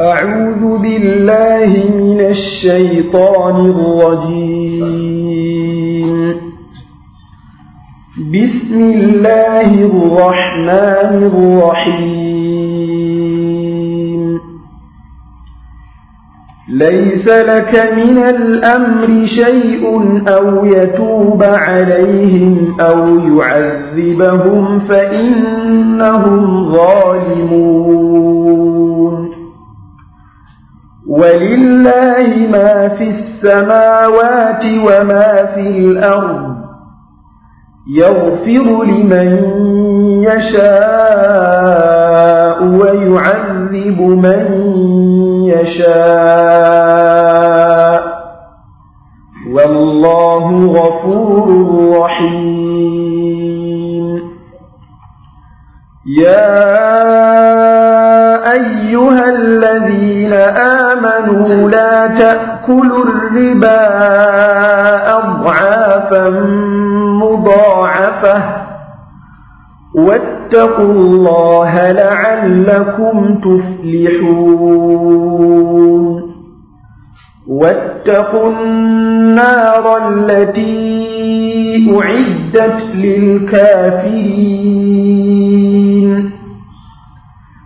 أعوذ بالله من الشيطان الرجيم بسم الله الرحمن الرحيم ليس لك من الأمر شيء أو يتوب عليهم أو يعذبهم فإنهم ظالمون ولله ما في السماوات وما في الأرض يغفر لمن يشاء ويعذب من يشاء والله غفور رحيم يا آمنوا لا تأكلوا الربا أضعافا مضاعفة واتقوا الله لعلكم تفلحون واتقوا النار التي أعدت للكافرين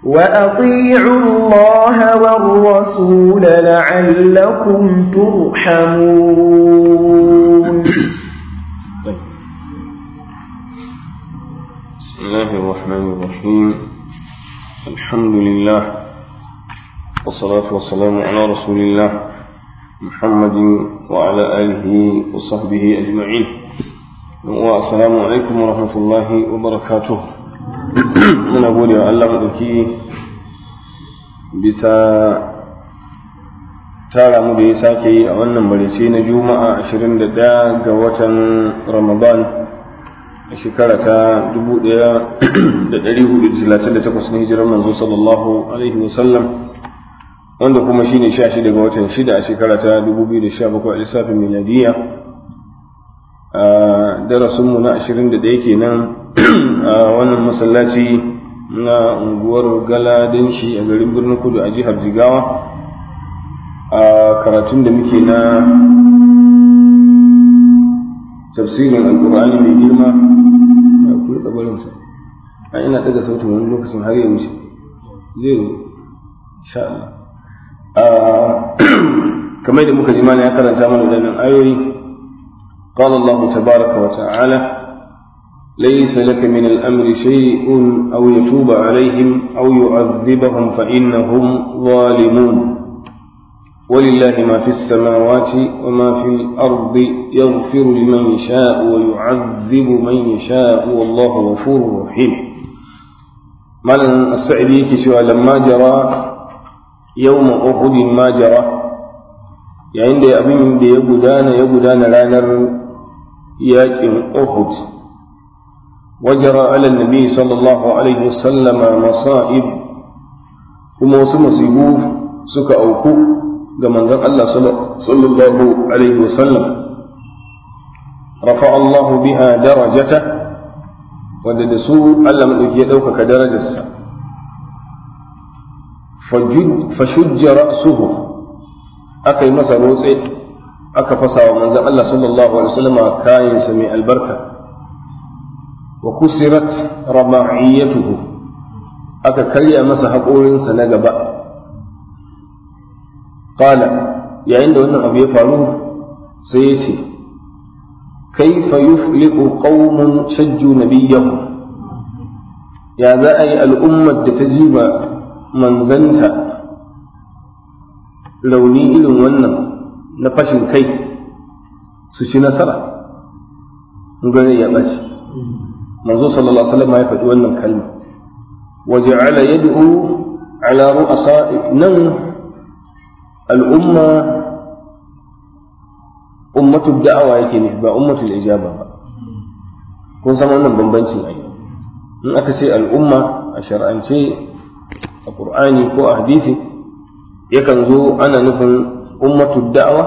وأطيعوا الله والرسول لعلكم ترحمون بسم الله الرحمن الرحيم الحمد لله والصلاة والسلام على رسول الله محمد وعلى آله وصحبه أجمعين والسلام عليكم ورحمة الله وبركاته muna gode wa Allah maɗauki bisa tara mu da ya sake yi a wannan barice na juma'a 21 ga watan ramadan a shekara ta 1438 na hijirar manzo sallallahu alaihi wasallam wanda kuma shine 16 ga watan 6 a shekara ta 2017 a lissafin miladiyya a darasinmu na 21 kenan a wannan masallaci na unguwar galadin shi a garin birnin kudu a jihar jigawa a karatun da muke na tafsirin alkur'ani mai girma na kuri kabarinsa a ina daga sautin wani lokacin har ya wuce zai sha Allah kamar da muka ji mana ya karanta mana wadannan ayoyi قال الله تبارك وتعالى ليس لك من الأمر شيء أو يتوب عليهم أو يعذبهم فإنهم ظالمون ولله ما في السماوات وما في الأرض يغفر لمن يشاء ويعذب من يشاء والله غفور رحيم مالا السعدي كسوى لما جرى يوم أحد ما جرى يعني أبي من يقدان يقدان لانر يأتي أحد وجرى على النبي صلى الله عليه وسلم مصائب kuma wasu masibu suka auku ga manzon Allah sallallahu alaihi wasallam rafa Allahu biha darajata wanda da su Allah madauki ya ɗaukaka darajarsa fashujja ra'suhu aka yi masa rotse aka fasa wa manzon Allah kayansa mai albarka wa kusirat rama'iyatuhu aka karya masa haƙorinsa na gaba qala yayin da wannan abu ya faru sai ya ce kaifa yufliqu qauman shajju nabiyyahum ya za a yi al'ummar da ta ziba manzanta launi irin wannan na fashin kai su ci nasara gane ya ɓace manzo sallallahu alaihi wasallam ya faɗi wannan kalma wa ja'ala yad'u ala ru'asa nan al'umma ummatu da'awa yake ne ba ummatu ijaba ba kun san wannan bambancin ai in aka ce al'umma a shar'ance a qur'ani ko a hadisi yakan zo ana nufin ummatu da'awa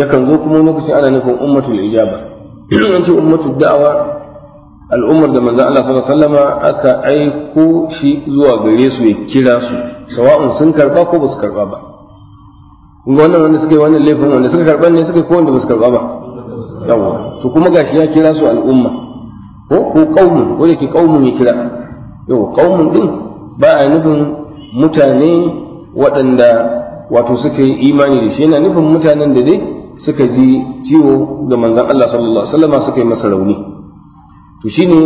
yakan zo kuma ana nufin ummatu ummatu al'ummar da manzan Allah sallallahu alaihi wasallama aka aiko shi zuwa gare su ya kira su sawa'un sun karba ko ba su karba ba kun wannan wanda suka yi wannan laifin wanda suka karba ne suka ko wanda ba su karba ba yawa to kuma gashi ya kira su al'umma ko ko qaumun ko yake qaumun ya kira yawa qaumun din ba a nufin mutane waɗanda wato suka yi imani da shi yana nufin mutanen da dai suka ji ciwo ga manzan Allah sallallahu alaihi wasallama suka yi masa rauni to shine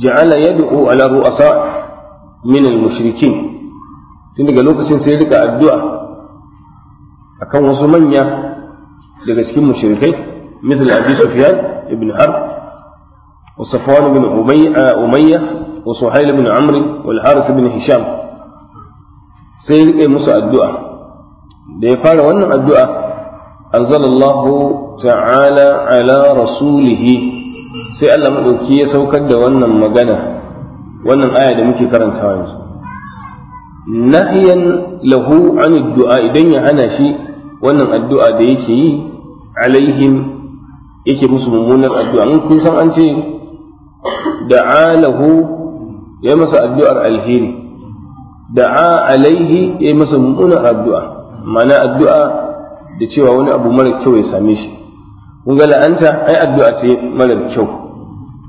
ja'ala yad'u ala ru'asa min al-mushrikin tun daga lokacin sai rika addu'a akan wasu manya daga cikin mushrikai misal Abi Sufyan ibn Harb wa Safwan ibn Umayya wa Suhail ibn Amr wal Harith ibn Hisham sai rika musu addu'a da ya fara wannan addu'a anzalallahu ta'ala ala rasulihi sai Allah madauki ya saukar da wannan magana wannan aya da muke karantawa yanzu nahyan lahu an du'a idan ya hana shi wannan addu'a da yake yi alaihim yake musu mummunar addu'a in kun san an ce da'a lahu ya masa addu'ar alheri da'a alaihi ya masa mummunar addu'a ma'ana addu'a da cewa wani abu mara kyau ya same shi kun ga la'anta ai addu'a ce mara kyau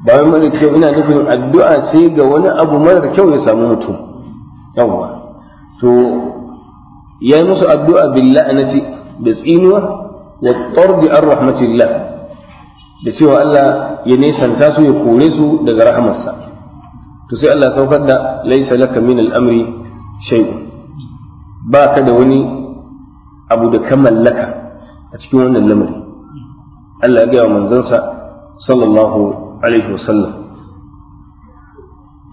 bayan mara kyau ina nufin addu'a ce ga wani abu marar kyau ya samu mutum yawwa to ya yi musu addu'a billa'anati da tsinuwa wa tardi an rahmatillah da cewa Allah ya nesanta su ya kore su daga rahamarsa to sai Allah saukar da laisa laka min al'amri shai, ba ka da wani abu da ka mallaka a cikin wannan lamari Allah ya gaya wa manzansa sallallahu alaihi wasallam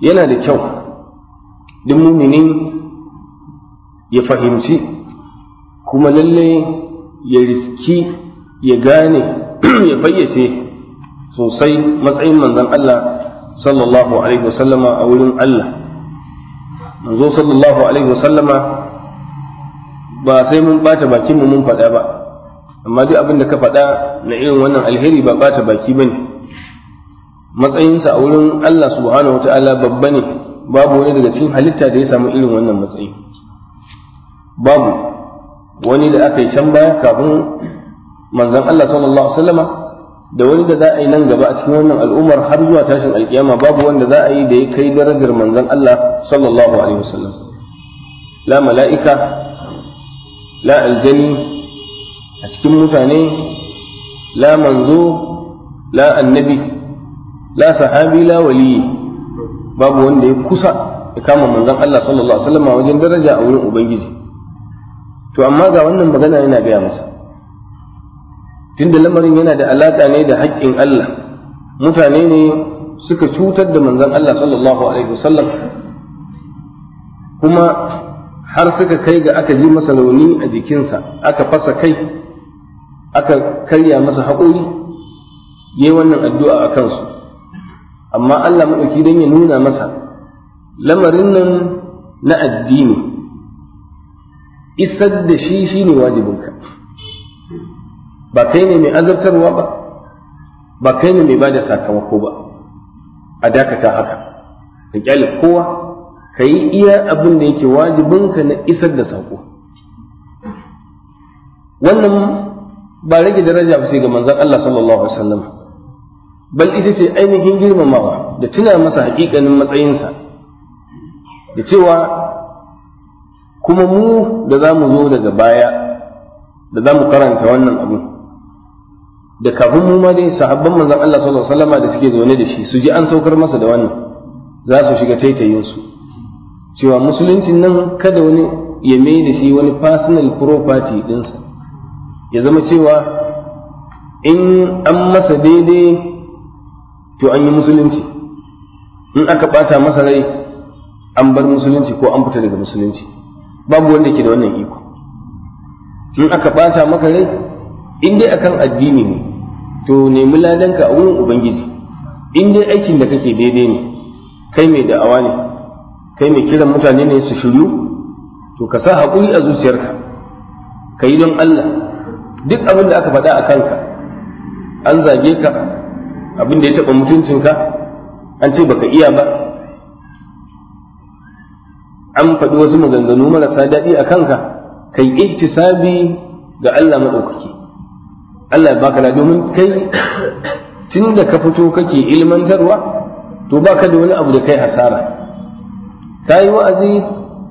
yana da kyau duk muminin ya fahimci kuma lalle ya riski ya gane ya fayyace sosai matsayin manzon Allah sallallahu alaihi wasallama a wurin Allah manzo sallallahu alaihi wasallama ba sai mun bata bakinmu mun faɗa ba amma duk abin da ka faɗa na irin wannan alheri ba bata baki ba ne. matsayinsa a wurin Allah subhanahu wa ta'ala babba ne babu wani daga cikin halitta da ya samu irin wannan matsayi babu wani da aka yi can baya kafin manzan Allah sallallahu alaihi wasallama da wani da za a yi nan gaba a cikin wannan al'ummar har zuwa tashin alkiyama babu wanda za a yi da ya kai darajar manzon Allah sallallahu alaihi wasallam la mala'ika la aljani a cikin mutane la manzo la annabi la sahabi la wali babu wanda ya kusa ya kama manzon Allah sallallahu alaihi wasallam wajen daraja a wurin ubangiji to amma ga wannan magana yana gaya masa tunda lamarin yana da alaka ne da haƙƙin Allah mutane ne suka cutar da manzon Allah sallallahu alaihi wasallam kuma har suka kai ga aka ji masa rauni a jikinsa aka fasa kai aka karya masa haƙori yayi wannan addu'a a kansu amma Allah maɗauki don ya nuna masa lamarin nan na addini isar da shi shi ne wajibinka ba kai ne mai azabtarwa ba ba kai ne mai ba da sakamako ba a dakata haka ka kyale kowa ka yi iya abin da yake wajibinka na isar da saƙo wannan ba rage daraja ba sai ga manzon Allah sallallahu alaihi wasallam bal ita ce ainihin girmamawa da tuna masa haƙiƙanin matsayinsa da cewa kuma mu da za mu zo daga baya da za mu karanta wannan abu da kafin mu ma dai sahabban manzan Allah sallallahu alaihi wasallama da suke zaune da shi su ji an saukar masa da wannan za su shiga taitayin su cewa musulunci nan kada wani ya mai da shi wani personal property dinsa ya zama cewa in an masa daidai to an yi musulunci in aka ɓata masa rai an bar musulunci ko an fita daga musulunci babu wanda ke da wannan iko in aka ɓata maka rai in dai akan addini ne to nemi ladanka a wurin ubangiji in dai aikin da kake daidai ne kai mai da'awa ne kai mai kiran mutane ne su shiryu to ka sa haƙuri a zuciyarka ka yi don Allah duk abin da aka faɗa a kanka an zage ka abin da ya taɓa mutuncinka an ce baka iya ba an faɗi wasu maganganu marasa daɗi a kanka kai ihtisabi ga Allah maɗaukaki Allah ya baka domin kai tun da ka fito kake ilmantarwa to baka da wani abu da kai hasara ka yi wa'azi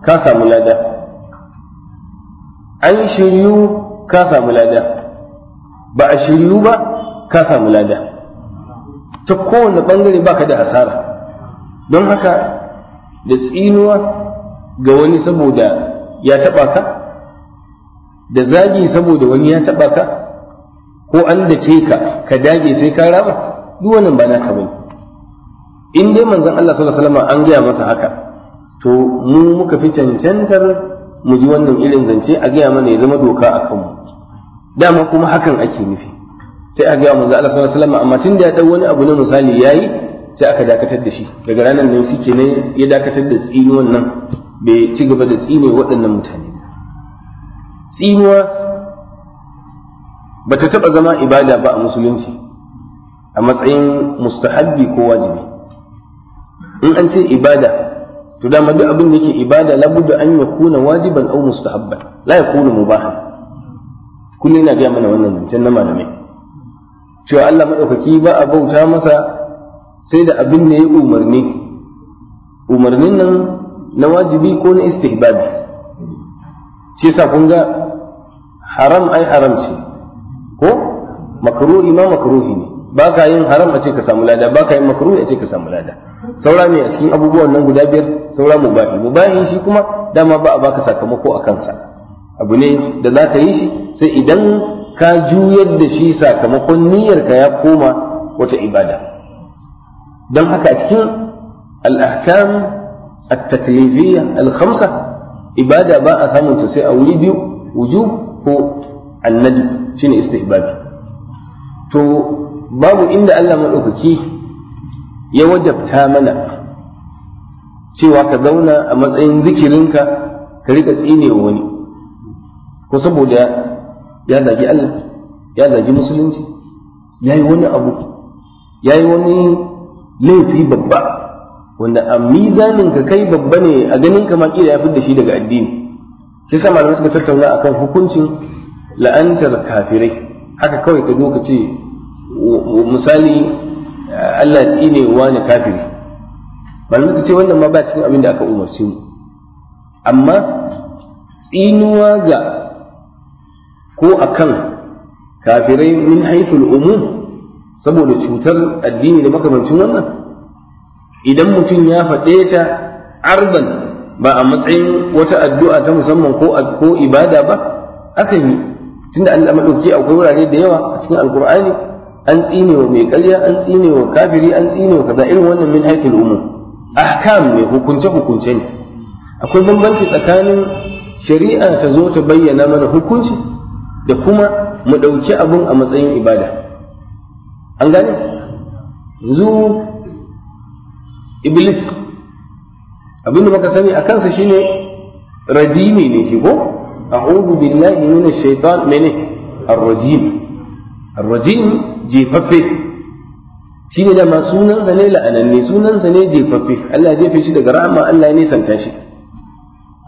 ka samu lada an shiryu ka samu lada ba a shiryu ba ka samu lada ta kowane bangare ka da asara don haka da tsinuwa ga wani saboda ya taɓa ka da zagi saboda wani ya taɓa ka ko an da ke ka ka dage sai ka raba duk wannan ba naka bane in dai manzon Allah sallallahu alaihi an gaya masa haka to mu muka fi cancantar mu ji wannan irin zance a gaya mana ya zama doka a kanmu dama kuma hakan ake nufi sai aka ga manzo Allah sallallahu alaihi wasallam amma tun da ya dau wani abu ne misali yayi sai aka dakatar da shi daga ranar nan suke ne ya dakatar da tsini wannan bai ci gaba da tsini waɗannan mutane tsinuwa ba ta taɓa zama ibada ba a musulunci a matsayin mustahabbi ko wajibi in an ce ibada to dama duk abin da yake ibada labudda an ya kuna wajiban au mustahabban la ya kuna mubahan kullum yana gaya mana wannan zancen na malamai cewa Allah maɗaukaki ba a bauta masa sai da abin da ya umarni umarnin nan na wajibi ko na istihbabi shi sa kun ga haram ai haram ce ko makruhi ma makruhi ne ba ka yin haram a ce ka samu lada ba ka yin makruhi a ce ka samu lada saura ne a cikin abubuwan nan guda biyar saura mubahi mubahi shi kuma dama ba a baka sakamako a kansa abu ne da za ka yi shi sai idan ka juyar da shi sakamakon niyyarka ya koma wata ibada don haka a cikin al'ahkam at-taklifiyya al-khamsa ibada ba a samun sai a wuri biyu wujub ko annadu shine istihbabi to babu inda Allah madaukaki ya wajabta mana cewa ka zauna a matsayin zikirinka ka rika tsinewa wani ko saboda ya zagi Allah ya zagi musulunci ya yi wani abu ya yi wani laifi babba wanda a mizanin ka kai babba ne a ganin ka da ya fi da shi daga addini sai sa malamai suka tattauna akan hukuncin la'antar kafirai haka kawai ka zo ka ce misali Allah ya tsine ne kafiri malamai suka ce wannan ma ba cikin abin da aka umarci mu amma tsinuwa ga ko a kan kafirai min haithul umum saboda cutar addini da makamancin wannan idan mutum ya faɗe ta arzan ba a matsayin wata addu'a ta musamman ko ko ibada ba akan yi tunda Allah madauki akwai wurare da yawa a cikin alkur'ani an tsine wa mai ƙarya an tsine wa kafiri an tsine wa kaza irin wannan min haithul umum ahkam ne hukunce hukunce ne akwai bambanci tsakanin shari'a ta zo ta bayyana mana hukunci da kuma mu ɗauki abin a matsayin ibada an gane yanzu iblis abin da muka sani a kansa shine rajimi ne shi ko a'udhu billahi minash shaitan mene ar-rajim ar-rajim jefaffe shine da ma sunansa ne la'ananne sunansa ne jefaffe Allah ya jefe shi daga rahama Allah ya nisanta shi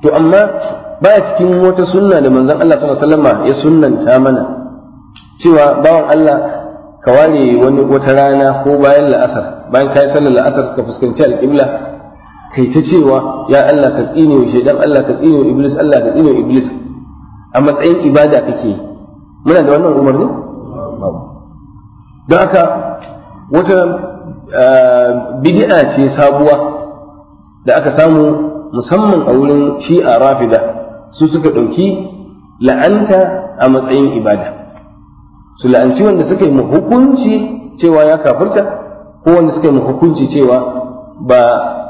to amma baya cikin wata sunna da manzan Allah sallallahu alaihi wasallam ya sunnanta mana cewa bawan Allah ka ware wani wata rana ko bayan la'asar bayan kai sallar la'asar ka fuskanci alƙibla kai ta cewa ya Allah ka tsine wa shaidan Allah ka tsine iblis Allah ka tsine iblis a matsayin ibada kake muna da wannan umarni don haka wata bid'a ce sabuwa da aka samu musamman a wurin shi'a rafida su suka ɗauki la'anta a matsayin ibada su la'anci wanda suka yi hukunci cewa ya kafirta ko wanda suka yi hukunci cewa ba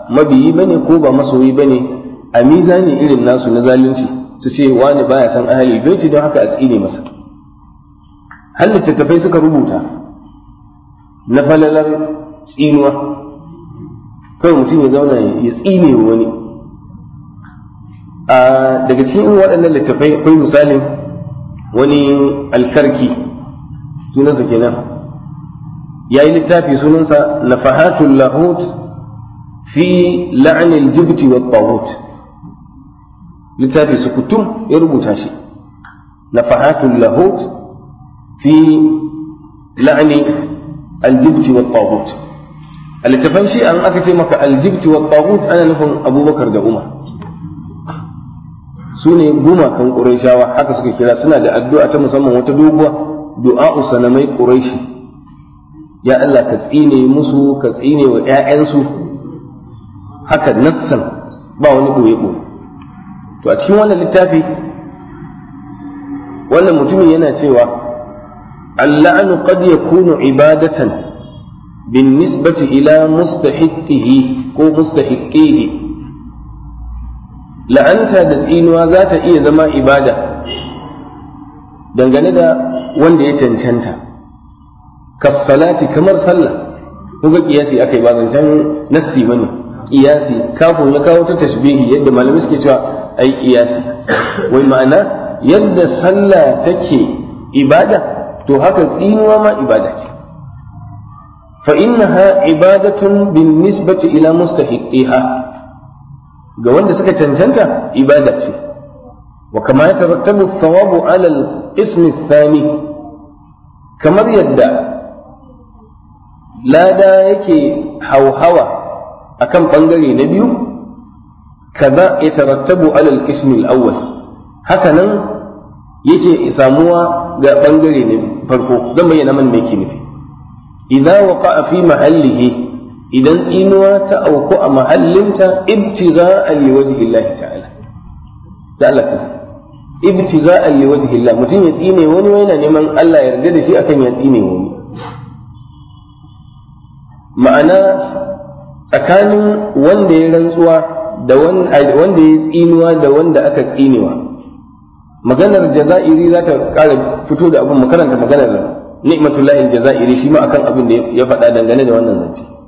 mabiyi bane ko ba masoyi bane a mizani irin nasu na zalunci su ce wani baya san ahli baiti don haka a tsine masa har littattafai suka rubuta na falalar tsinuwa kawai mutum ya zauna ya tsine wani daga cikin waɗannan littafai akwai misalin wani alkarki sunansa kenan ya yi littafi sunansa nafahatul lahut fi la'anil jibti wa tawut littafi su kutum ya rubuta shi nafahatul lahut fi la'ani aljibti wa tawut a littafan shi an aka ce maka aljibti wa tawut ana nufin abubakar da umar su ne gumakan ƙurashawa, haka suka kira suna da addu'a ta musamman wata doguwa du'a usanamai ƙurashi. ya Allah ka tsine musu ka tsine wa 'ya'yansu, haka nassan ba wani ɓoye ɓoye to a cikin wannan littafi wannan mutumin yana cewa alla'anu ya yakunu ibadatan bin nisbati ila mustahiqihi ko mustahiqihi la'anta da tsinuwa za ta iya zama ibada dangane da wanda ya cancanta kassalati kamar sallah kuka kiyasi aka yi ba nassi bane kiyasi kafin ya kawo ta tashbihi yadda malamai suke cewa ai kiyasi wai ma'ana yadda sallah take ibada to haka tsinuwa ma ibada ce fa innaha ibadatun bin nisbati ila mustahiqiha ga wanda suka cancanta ibada ce wa kama ya tarattabu thawabu ala ismi thani kamar yadda lada yake hauhawa akan bangare na biyu kaza ya tarattabu ala ismi al-awwal haka nan yake samuwa ga bangare na farko zan bayyana man me ke nufi idza waqa'a fi mahallihi idan tsinuwa ta auku a mahallinta ibtiza illa Allah ta'ala da Allah a yi waje illa, mutum ya tsine wani na neman Allah ya yarda da shi akan ya tsine wani ma'ana tsakanin wanda ya rantsuwa da wanda ya tsinuwa da wanda aka tsinewa maganar jaza'iri za ta ƙara fito da abin makaranta maganar ni'matullahi jaza'iri shi ma akan abin da ya faɗa dangane da wannan zance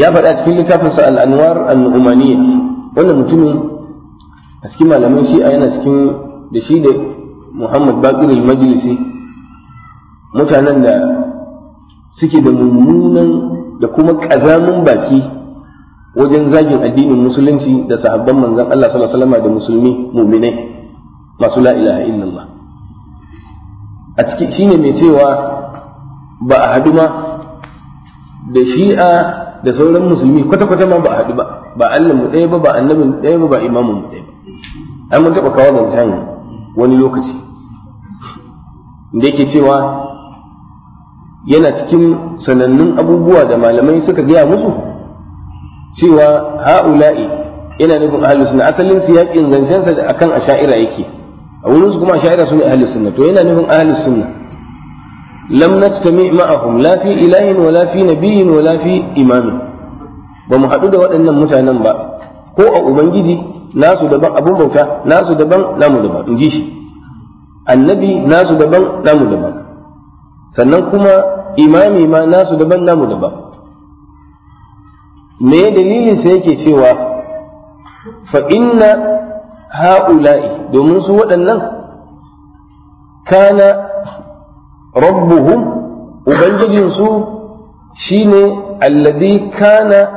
ya faɗa cikin littafinsa al'anwar al'umaniya wannan mutumin a cikin malaman shi'a yana cikin da shi da muhammad bakir majlisi mutanen da suke da mummunan da kuma ƙazamin baki wajen zagin addinin musulunci da sahabban manzan Allah sallallahu da musulmi mu'minai masu la ilaha illallah a ciki shine mai cewa ba a haɗu ma da shi'a da sauran musulmi kwata-kwata ma ba a haɗu ba ba Allah mu ɗaya ba ba annabi mu ɗaya ba ba imamu mu ɗaya ba an mun taɓa kawo zancen wani lokaci da yake cewa yana cikin sanannun abubuwa da malamai suka gaya musu cewa ha'ula'i yana nufin ahalus sunna asalin su siyaƙin zancensa akan asha'ira yake a wurin su kuma asha'ira su ne ahalus sunna to yana nufin ahalus sunna lam najtami ma'ahum la fi ilahin wa la fi nabiyyin wa ba mu haɗu da waɗannan mutanen ba ko a ubangiji nasu daban abun bauta daban namu daban in annabi nasu daban namu daban sannan kuma imami ma nasu daban namu daban me dalilinsa yake cewa fa ha'ula'i domin su waɗannan kana rabbuhum ubangijinsu shine alladhi kana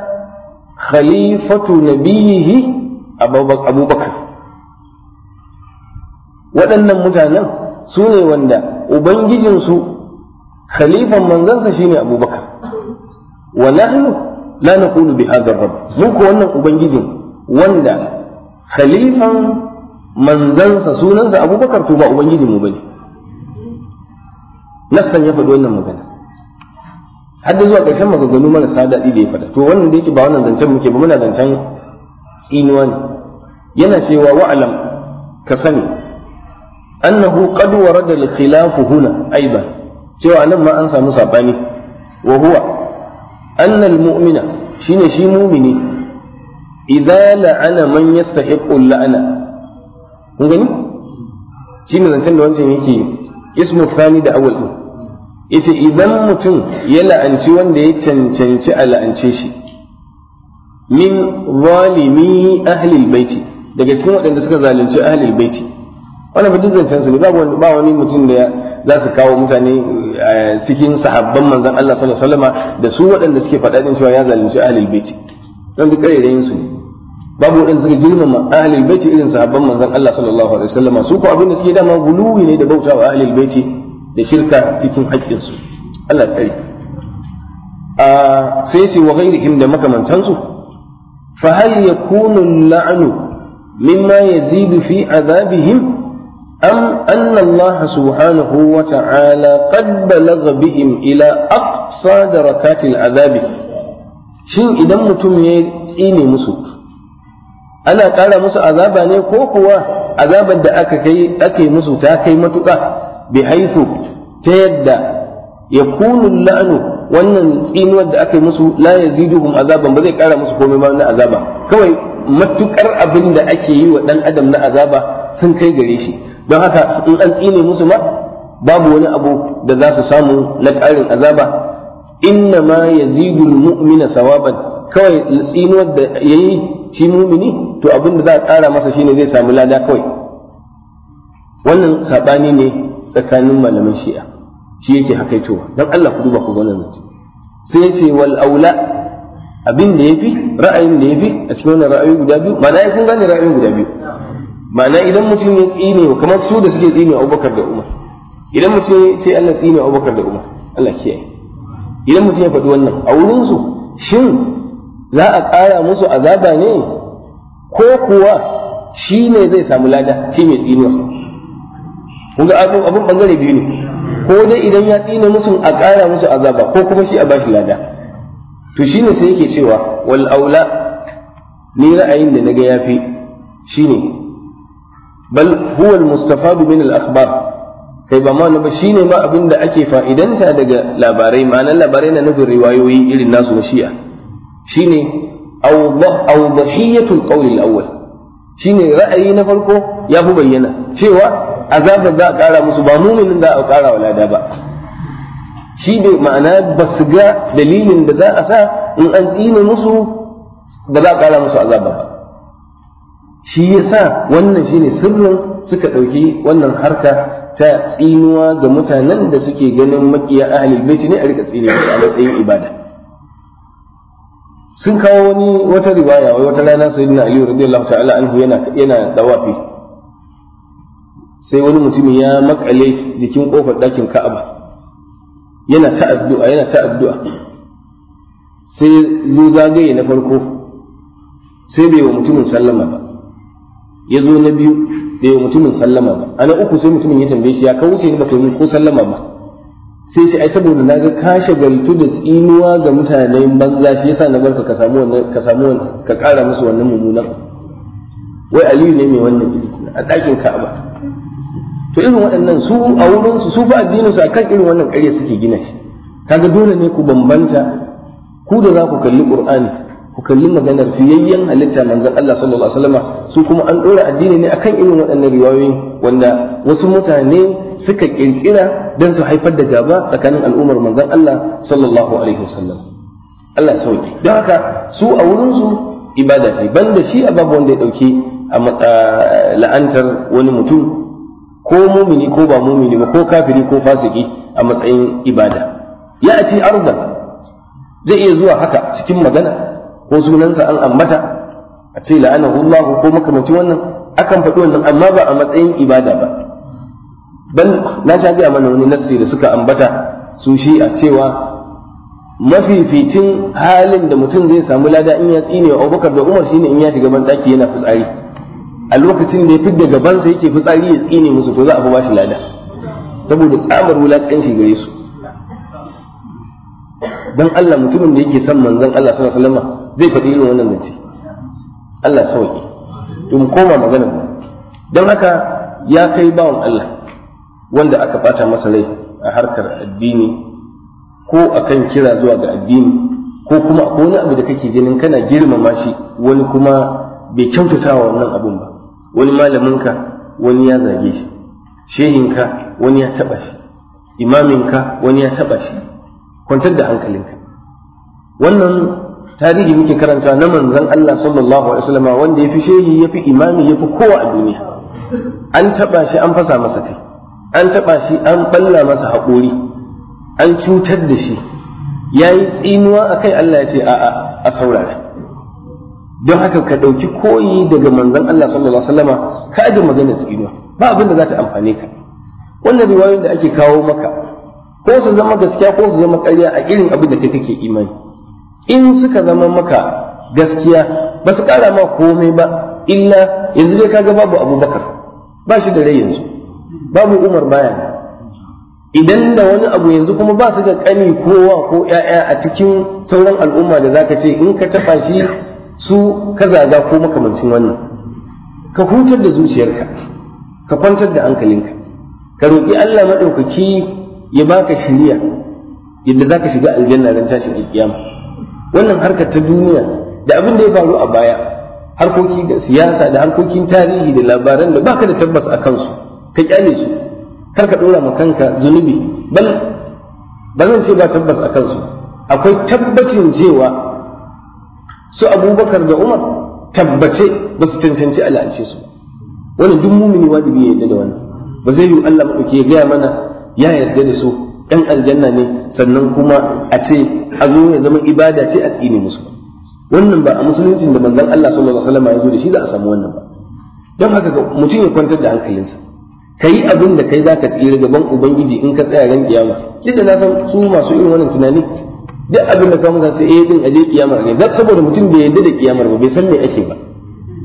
khalifatu nabiyihi abubakar waɗannan mutanen su ne wanda ubangijinsu khalifan manzansa shine abubakar wa nahnu la naqulu bi hadha rabb mun ko wannan ubangijin wanda khalifan manzansa sunansa abubakar to ba ubangijin mu bane nassan ya faɗi wannan magana har da zuwa ƙarshen maganganu marasa daɗi da ya faɗa to wannan da yake ba wannan zancen muke ba muna zancen tsinuwa ne yana cewa wa'alam ka sani annahu qad warada al-khilafu huna aiba cewa nan ma an samu sabani wa huwa anna al-mu'mina shine shi mu'mini idza la'ana man yastahiqu al-la'na kun gani shine zancen da wancan yake ismu thani da awwal yace idan mutum ya la'anci wanda ya cancanci a la'ance shi min zalimi ahlil baiti daga cikin waɗanda suka zalunci ahlil baiti wannan bidin duk zancen su ne babu wani ba wani mutum da za su kawo mutane eh, cikin sahabban manzon Allah sallallahu alaihi wasallam da su waɗanda suke faɗa din cewa ya zalunci ahlil baiti don duk ƙarerayin su ne babu waɗanda suka girmama ahlil baiti irin sahabban manzon Allah sallallahu alaihi wasallam su ko abin da suke dama guluwi ne da bautawa ahlil baiti da shirka cikin haƙƙinsu Allah tsari a sai shi wa ghairihim da makamantansu fa hal yakunu al-la'nu mimma yazidu fi adabihim أم أن الله سبحانه وتعالى قد بلغ بهم إلى أقصى دركات العذاب shin idan mutum ya tsine musu ana ƙara musu azaba ne ko kuwa azabar da aka kai ake musu ta kai matuƙa bihaisu ta yadda kunu la'anu wannan tsinuwar da aka yi musu la yaziduhum azaban ba zai kara musu komai ba na azaba kawai matukar abin da ake yi wa dan adam na azaba sun kai gare shi don haka in an tsine musu ma babu wani abu da za su samu na ƙarin azaba inna ma yazidul mu'mina sawaban kawai tsinuwar da yayi shi mumini to abin da za a ƙara masa shine zai samu lada kawai wannan sabani ne tsakanin malaman shi'a shi yake hakaitowa dan Allah ku duba ku ga wannan zance sai ya ce wal aula abin da yafi ra'ayin da yafi a cikin wannan ra'ayi guda biyu ma'ana ai kun gane ra'ayin guda biyu ma'ana idan mutum ya tsine kamar su da suke tsine Abubakar da Umar idan mutum ya ce Allah tsine Abubakar da Umar Allah kiyaye idan mutum ya faɗi wannan a wurin su shin za a ƙara musu azaba ne ko kuwa shi ne zai samu lada shi mai tsinewa kun ga abin abun bangare biyu ne ko dai idan ya tsine musu a ƙara musu azaba ko kuma shi a bashi lada to shine sai yake cewa wal aula ni ra'ayin da naga yafi shine bal huwa al mustafadu min al akhbar kai ba ma ba shine ma abin da ake fa'idanta daga labarai ma'anar labarai na nufin riwayoyi irin nasu na shi'a shine awdahiyatul qawl al awwal shine ra'ayi na farko ya fi bayyana cewa azabar za a kara musu ba muminin za a kara wa lada ba shi ne ma'ana ba su ga dalilin da za a sa in an tsine musu ba za a kara musu azaba ba shi ya sa wannan shi ne sirrin suka ɗauki wannan harka ta tsinuwa ga mutanen da suke ganin makiya ahalil baiti ne a rika tsine a matsayin ibada sun kawo wani wata riwaya wai wata rana sayyidina ali radiyallahu ta'ala anhu yana yana dawafi sai wani mutum ya makale jikin kofar ɗakin ka'aba yana ta addu'a yana ta addu'a sai zo zagaye na farko sai bai wa mutumin sallama ba ya zo na biyu bai wa mutumin sallama ba a na uku sai mutumin ya tambaye shi ya kawo ce ba kai ko sallama ba sai shi ai saboda na ga ka shagaltu da tsinuwa ga mutanen banza shi yasa na barka ka samu wannan ka samu wannan ka kara musu wannan mummunan wai aliyu ne mai wannan ilikina a ɗakin ka'aba to irin waɗannan su a wurin su fa addinin su akan irin wannan ƙarya suke gina shi kaga dole ne ku bambanta ku da za ku kalli qur'ani ku kalli maganar fiyayyen halitta manzon Allah sallallahu alaihi wasallam su kuma an dora addini ne akan irin waɗannan riwayoyi wanda wasu mutane suka kirkira dan su haifar da gaba tsakanin al'ummar manzon Allah sallallahu alaihi wasallam Allah sauki don haka su a wurin su ibada ce banda shi a babu wanda ya dauke a la'antar wani mutum ko mumini ko ba mumini ba ko kafiri ko fasiki a matsayin ibada ya ci arzan zai iya zuwa haka cikin magana ko sunansa an ambata a ce la'anahu Allah ko makamancin wannan akan faɗi wannan amma ba a matsayin ibada ba bal na sha gaya mana wani nassi da suka ambata su shi a cewa mafificin halin da mutum zai samu lada in ya tsine wa Abubakar da Umar shine in ya shiga ban yana fitsari a lokacin da ya fidda gabansa yake fitsari ya tsine musu to za a fi bashi lada saboda tsamar wulaƙanci gare su don Allah mutumin da yake son manzon Allah sallallahu alaihi wasallam zai faɗi irin wannan zance Allah sauki to mu koma maganar mu don haka ya kai bawan Allah wanda aka bata masa rai a harkar addini ko akan kira zuwa ga addini ko kuma akwai wani abu da kake ganin kana girmama shi wani kuma bai kyautata wa wannan abun ba wani malaminka wani ya zage shi shehinka wani ya taɓa shi imaminka wani ya taɓa shi kwantar da hankalinka wannan tarihi muke karanta na manzon Allah sallallahu alaihi wasallam wanda fi shehi fi imami yafi kowa a duniya an taɓa shi an fasa masa kai an taɓa shi an balla masa haƙori an cutar da shi yayi tsinuwa akai Allah ya ce a'a a saurara don haka ka ɗauki koyi daga manzon Allah sallallahu alaihi wasallama ka aje maganar tsinuwa ba abin da za ta amfane ka wannan riwayoyin da ake kawo maka ko su zama gaskiya ko su zama ƙarya a irin abin da kai kake imani in suka zama maka gaskiya ba su ƙara ma komai ba illa yanzu dai kaga babu abubakar ba shi da rai yanzu babu umar baya idan da wani abu yanzu kuma ba su da ƙani kowa ko ‘ya'ya a cikin sauran al'umma da zaka ce in ka taɓa shi su ka zaga ko makamancin wannan ka hutar da zuciyarka ka kwantar da hankalinka ka roƙi Allah maɗaukaki ya baka shiriya yadda za ka shiga aljanna don tashin kiyama wannan harkar ta duniya da abin da ya faru a baya harkoki da siyasa da harkokin tarihi da labaran da baka da tabbas a kansu ka kyale su kar ka ɗora ma kanka zunubi bal ba zan ce ba tabbas a kansu akwai tabbacin cewa su abubakar da umar tabbace ba su cancanci al'ance su wannan duk mumini wajibi ya yarda da wannan ba zai yi Allah maɗauki ke gaya mana ya yarda da su ɗan aljanna ne sannan kuma a ce a zo ya zama ibada sai a tsine musu wannan ba a musuluncin da manzon Allah sallallahu alaihi wasallam ya zo da shi za a samu wannan ba don haka mutum ya kwantar da hankalinsa ka yi abin da kai zaka tsira gaban ubangiji in ka tsaya ran kiyama duk da na san su masu irin wannan tunani duk abin da kamun sai eh din aje kiyamar ne dan saboda mutum bai yarda da kiyamar ba bai san me ake ba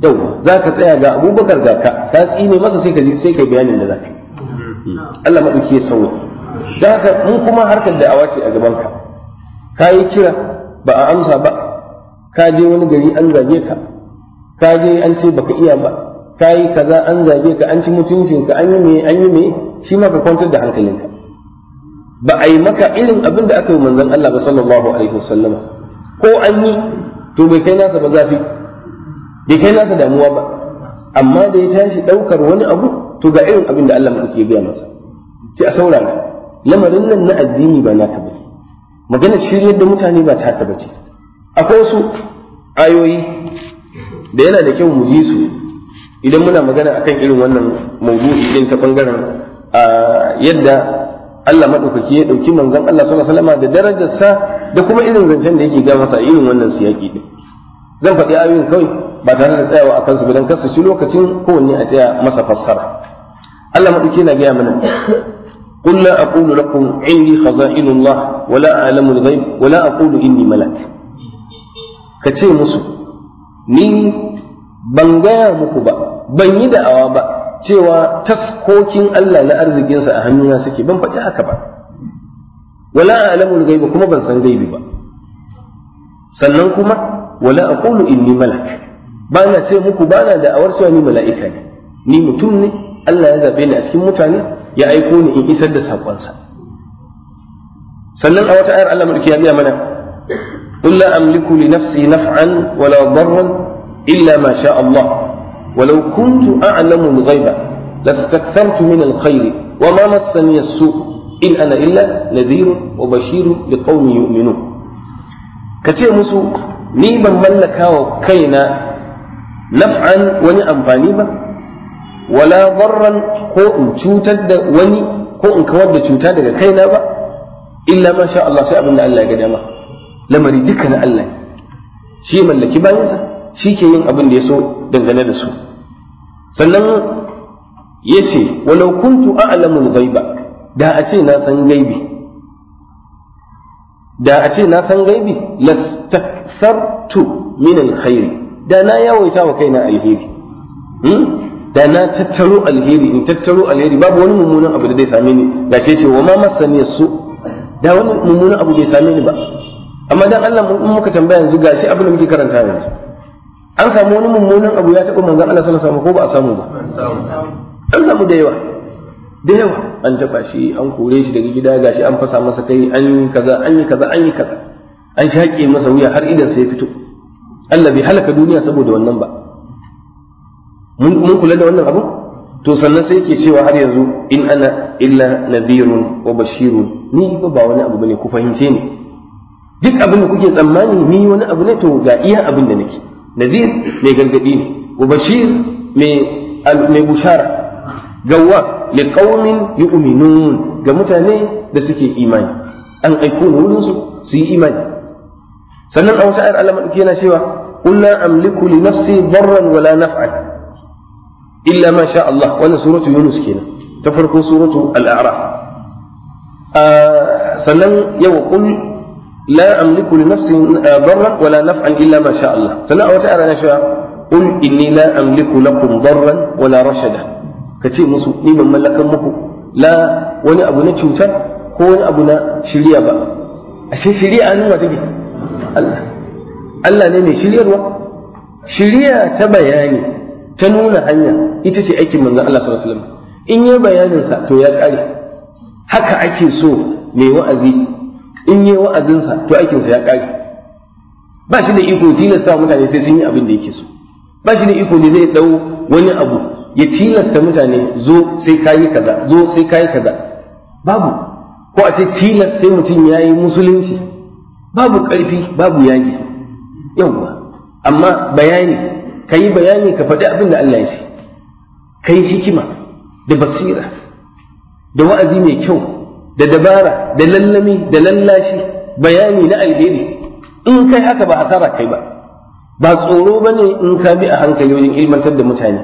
yau za ka tsaya ga abubakar ga ka ka tsine masa sai ka sai ka bayanin da za ka Allah madauki ya sauya dan haka mun kuma harkar da awace a gaban ka yi kira ba a amsa ba ka je wani gari an zage ka ka je an ce baka iya ba ka yi kaza an zage ka an ci mutuncinka an yi me an yi me shi ma ka kwantar da hankalinka ba a yi maka irin abin da aka yi manzon Allah ba sallallahu alaihi wasallama ko an yi to bai kai nasa ba zafi bai kai nasa damuwa ba amma da ya tashi ɗaukar wani abu to ga irin abin da Allah mu ke gaya masa sai a saurara lamarin nan na addini ba naka ba magana shiryar da mutane ba ta ba ce akwai wasu ayoyi da yana da kyau mu ji su idan muna magana akan irin wannan maudu'i din ta bangaren ah, yadda Allah madaukaki ya ɗauki manzon Allah sallallahu alaihi wasallam da da kuma irin zancen da yake ga masa irin wannan siyaki din zan faɗi ayoyin kawai ba tare da tsayawa akan su bidan kasu shi lokacin kowanne a tsaya masa fassara Allah madauki na gaya mana قل لا أقول لكم عندي خزائن الله ولا أعلم الغيب ولا أقول إني ملك كتير مسو ni ban gaya muku ba ban yi awa ba cewa taskokin Allah na arzikinsa a hannuna suke ban faɗi haka ba wala a'lamu al kuma ban san gaibi ba sannan kuma wala aqulu inni malak ba na ce muku ba na da awar cewa ni mala'ika ne ni mutum ne Allah ya zabe ni a cikin mutane ya aiko ni in isar da sakonsa sannan a wata ayar Allah mulki ya biya mana qul la amliku li nafsi naf'an wala darran illa ma sha Allah ولو كنت أعلم الغيب لاستكثرت من الخير وما مسني السوء إن أنا إلا نذير وبشير لقوم يؤمنون كتير مسوء نيبا ملكا وكينا نفعا ونعم أنفانيبا ولا ضرا قوم توتد وني قوم كود توتد كينا با إلا ما شاء الله سيأبن الله قد يما لما ريدك أنا ألا شيء ملكي بانسا shi ke yin abin da ya so dangane da su sannan ya ce walau kuntu zai ba. da a ce na san gaibi da a ce na san gaibi lastaktartu min alkhairi da na yawaita wa kaina alheri hmm? da na tattaro alheri in tattaro alheri babu wani mummunan abu da zai same ni gashe ce wa ma masani su da wani mummunan abu bai same ni ba amma dan Allah mun muka tambaya yanzu gashi abin da muke karanta yanzu an samu wani mummunan abu ya taɓa manzan Allah sallallahu alaihi wasallam ko ba a samu ba an samu da yawa da yawa an taɓa shi an kore shi daga gida gashi an fasa masa kai an yi kaza an yi kaza an yi kaza an shaƙe masa wuya har idan sai fito Allah bai halaka duniya saboda wannan ba mun kula da wannan abu to sannan sai yake cewa har yanzu in ana illa nadhirun wa bashirun ni ba ba wani abu bane ku fahimce ni duk abin da kuke tsammani ni wani abu ne to ga iya abin da nake nazir mai gargadi ne wa bashir mai bushara gawa li qaumin yu'minun ga mutane da suke imani an aiko ne wurin su su yi imani sannan a wata ayar Allah madauki yana cewa qul la amliku li nafsi darran wala naf'an illa ma sha Allah wannan suratu yunus kenan ta farko suratu al-a'raf ah, sannan yau qul la amliku li nafsin darran wala naf'an illa ma sha Allah sannan a wata ana cewa qul inni la amliku lakum darran wala rashada kace musu ni ban mallakan muku wani abu na cuta ko wani abu na shiriya ba ashe shiriya nan wata take Allah Allah ne mai shiryarwa shiriya ta bayani ta nuna hanya ita ce aikin manzon Allah sallallahu alaihi wasallam in yi to ya ƙare haka ake so mai wa'azi in yi wa'azinsa to aikinsa ya ƙari ba shi da iko tilasta mutane sai sun yi abin da yake so ba shi da iko ne zai ɗau wani abu ya tilasta mutane zo sai kayi kaza zo sai kayi kaza babu ko a ce tilas sai mutum ya yi musulunci babu ƙarfi babu yaji yauwa amma bayani ka yi bayani ka faɗi abin da Allah ya ce ka yi hikima da basira da wa'azi mai kyau da dabara da lallami da lallashi bayani na alheri in kai haka ba hasara kai ba ba tsoro ba ne in ka bi a hankali wajen ilmantar da mutane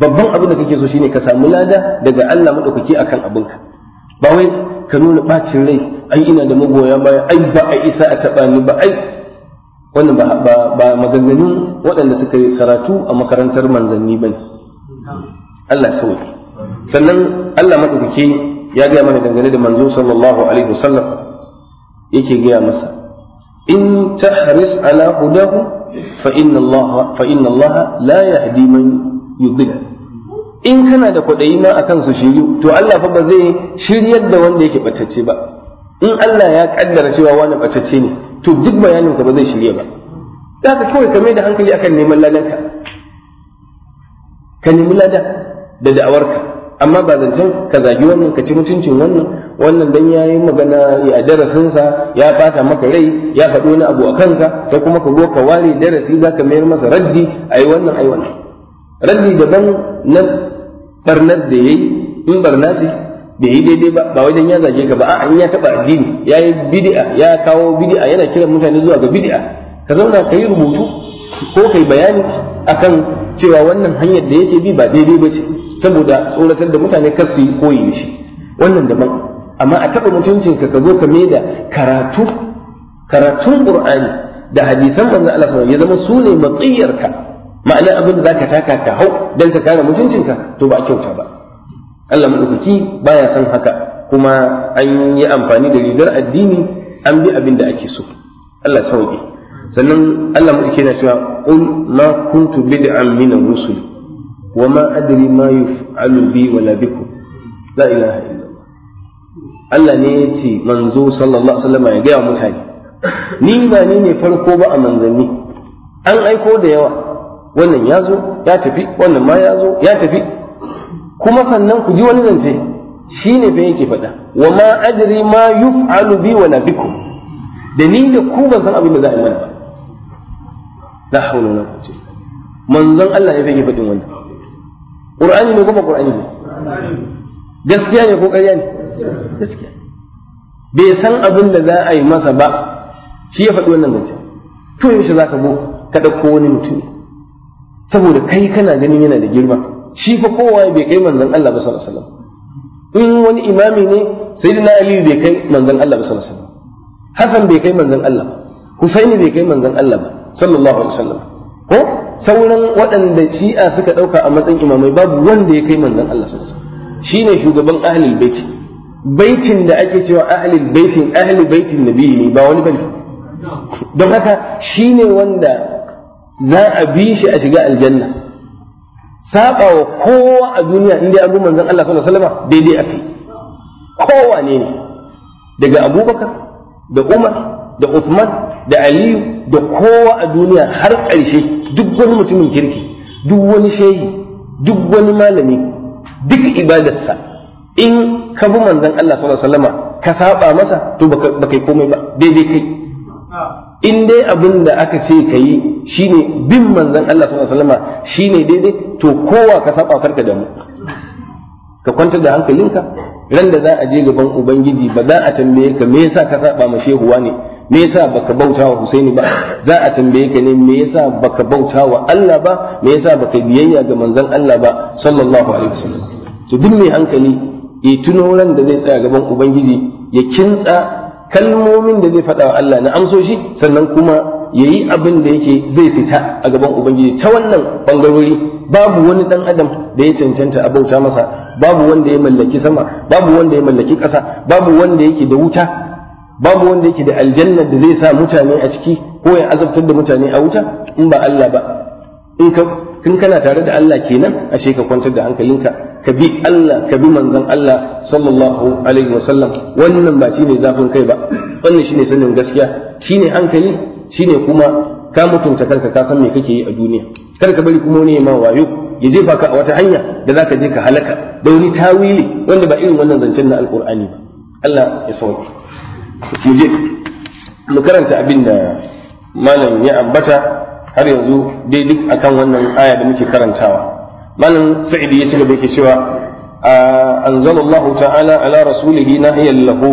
babban abin da kake so shine ka samu lada daga Allah madaukaki akan abinka ba wai ka nuna bacin rai ai ina da magoya baya ai ba a isa a taba ni ba ai wannan ba ba maganganun waɗanda suka yi karatu a makarantar manzanni bane Allah sauki sannan Allah madaukaki ya gaya mana dangane da manzo sallallahu alaihi wasallam yake gaya masa in tahris ala hudahu fa inna Allah fa inna Allah la yahdi man yudilla in kana da kwaɗayi ma akan su shiryu to Allah fa ba zai shiryar da wanda yake batacce ba in Allah ya kaddara cewa wani batacce ne to duk bayanin ka ba zai shirye ba da ka kawai ka mai da hankali akan neman ladanka ka nemi lada da da'awarka amma ba zancen ka zagi wannan ka ci mutuncin wannan wannan dan ya yi magana a darasin sa ya bata maka rai ya faɗo wani abu a kanka kai kuma ka go ka ware darasi za ka mayar masa raddi a yi wannan yi wannan raddi daban na barnar da ya yi, in barna ce bai yi daidai ba ba wajen ya zage ka ba a'a in ya taɓa addini ya yi bidi'a, ya kawo bidi'a, yana kiran mutane zuwa ga bidi'a. ka zauna ka yi rubutu ko kai bayani akan cewa wannan hanyar da yake bi ba daidai ba ce saboda tsoratar da mutane kar su yi koyi shi wannan daban amma a taɓa mutuncinka ka zo ka da karatu karatun qur'ani da hadisan manzo Allah sallallahu ya zama su ne matsiyarka ma'ana abin da zaka taka ka hau dan ka kare mutuncinka to ba kyauta ba Allah madaukaki baya san haka kuma an yi amfani da rigar addini an bi abin da ake so Allah sauki sannan Allah madaukaki yana cewa qul ma kuntu bid'an min rusul wa ma adri ma yuf'alu bi wala bikum la ilaha illallah Allah ne ya ce manzo sallallahu alaihi wasallam ya gaya mutane ni ba ni ne farko ba a manzanni an aiko da yawa wannan ya zo ya tafi wannan ma ya zo ya tafi kuma sannan ku ji wani zance shi ne fa yake faɗa wa ma adri ma yuf'alu bi wala bikum da ni da ku ban san abin da za a yi mana ba la hawla wala quwwata manzon Allah ya yake faɗin wannan qur'ani ne kuma ƙur'ani ne gaskiya ne ko ƙarya ne gaskiya bai san abin da za a yi masa ba shi ya faɗi wannan zance to yaushe za ka bo ka ɗauko wani mutum saboda kai kana ganin yana da girma shi fa kowa bai kai manzon Allah ba sallallahu alaihi wasallam in wani imami ne sayyidina ali bai kai manzon Allah ba sallallahu alaihi wasallam hasan bai kai manzon Allah ba husaini bai kai manzon Allah ba sallallahu alaihi wasallam ko sauran waɗanda shi'a suka ɗauka a matsayin imamai babu wanda ya kai manzon Allah su alaihi Shi ne shugaban ahalil baiti baitin da ake cewa ahalil baitin ahalil baitin nabi ne ba wani bane don haka shi ne wanda za a bi shi a shiga aljanna saba wa kowa a duniya inda abu bi manzon Allah sallallahu alaihi wasallam daidai akai kowa ne daga Abubakar da Umar da Uthman da aliyu da kowa a duniya har ƙarshe duk wani mutumin kirki duk wani shehi duk wani malami duk ibadarsa in ka bi manzon Allah sallallahu alaihi wasallama ka saba masa to baka kai komai ba daidai kai in dai abin da aka ce ka yi shine bin manzon Allah sallallahu alaihi wasallama shine daidai to kowa ka saba farka da mu ka kwanta da hankalinka ran da za a je gaban ubangiji ba za a tambaye ka me yasa ka saba ma shehuwa ne me yasa baka bauta wa Husaini ba za a tambaye ka ne me yasa baka bauta wa Allah ba me yasa baka biyayya ga manzon Allah ba sallallahu alaihi wasallam to duk mai hankali ya tuno ran da zai tsaya gaban ubangiji ya kintsa kalmomin da zai faɗa wa Allah na amsoshi sannan kuma yayi yi abin da yake zai fita a gaban ubangiji ta wannan bangarori babu wani dan adam da ya cancanta a bauta masa babu wanda ya mallaki sama babu wanda ya mallaki ƙasa babu wanda yake da wuta babu wanda yake da aljannar da zai sa mutane a ciki ko ya azabtar da mutane a wuta in ba Allah ba in ka kin kana tare da Allah kenan ashe ka kwantar da hankalinka ka bi Allah ka bi manzon Allah sallallahu alaihi wasallam wannan ba shine zafin kai ba wannan shine sanin gaskiya shine hankali shine kuma ka mutunta kanka ka san me kake yi a duniya kar ka bari kuma wani ya ma wayo ya jefa ka a wata hanya da zaka je ka halaka da wani tawili wanda ba irin wannan zancen na alqur'ani ba Allah ya sauke mu je mu karanta abin da malam ya ambata har yanzu dai duk akan wannan aya da muke karantawa malam sa'idi ya ci gaba yake cewa anzalallahu ta'ala ala rasulihi nahiyan lahu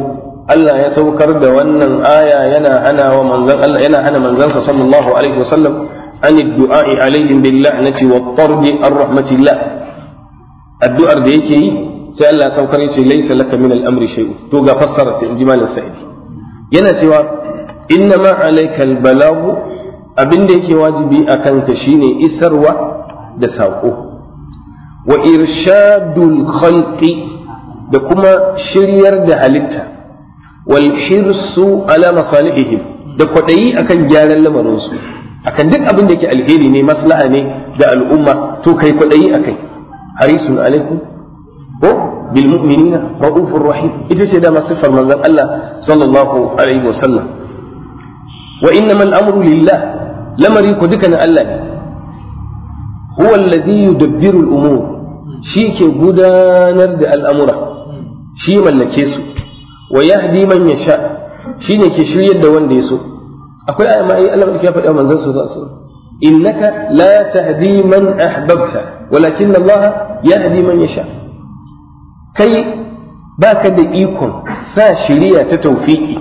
Allah ya saukar da wannan aya yana hana wa manzan Allah yana hana manzansa sallallahu alaihi wasallam an du'a'i alaihim bil la'nati ar rahmatillah addu'ar da yake yi sai Allah ya saukar yace laysa laka min al amri shay'u to ga fassara ta inji malam sa'idi yana cewa inna ma alaikal balagu abin da yake wajibi a kanka shine isarwa da saƙo wa irshadul khalqi da kuma shiryar da halitta wal hirsu ala masalihihim da kwaɗayi akan gyaran lamarinsu akan duk abin da yake alheri ne maslaha ne da al'umma to kai kwaɗayi akai harisun alaikum ko بالمؤمنين رؤوف رحيم اتشهد ما صفر من الله صلى الله عليه وسلم وإنما الأمر لله لما يكن ذكنا الله هو الذي يدبر الأمور شيك بدا نرد الأمور شي من نكيسو ويهدي من يشاء شي نكيشو يد ونديسو أقول انا آية ما أي ألم كيف من إنك لا تهدي من أحببت ولكن الله يهدي من يشاء kai ba ka da ikon sa shiriya ta taufiki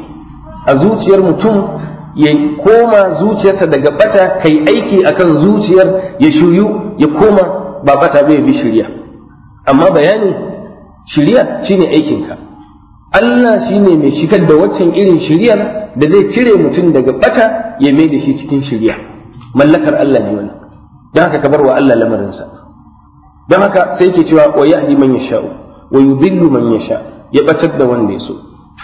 a zuciyar mutum ya koma zuciyarsa daga bata kai aiki akan zuciyar ya shiryu ya koma ba bata bai bi shiriya amma bayanin shiriya shine aikinka Allah shine mai shigar da waccan irin shiriyar da zai cire mutum daga bata ya mai da shi cikin shiriya mallakar Allah ne wani. don haka ka bar wa Allah lamarinsa don haka sai ke cewa wa yahdi man yasha'u wa yudillu man yasha ya batar da wanda ya so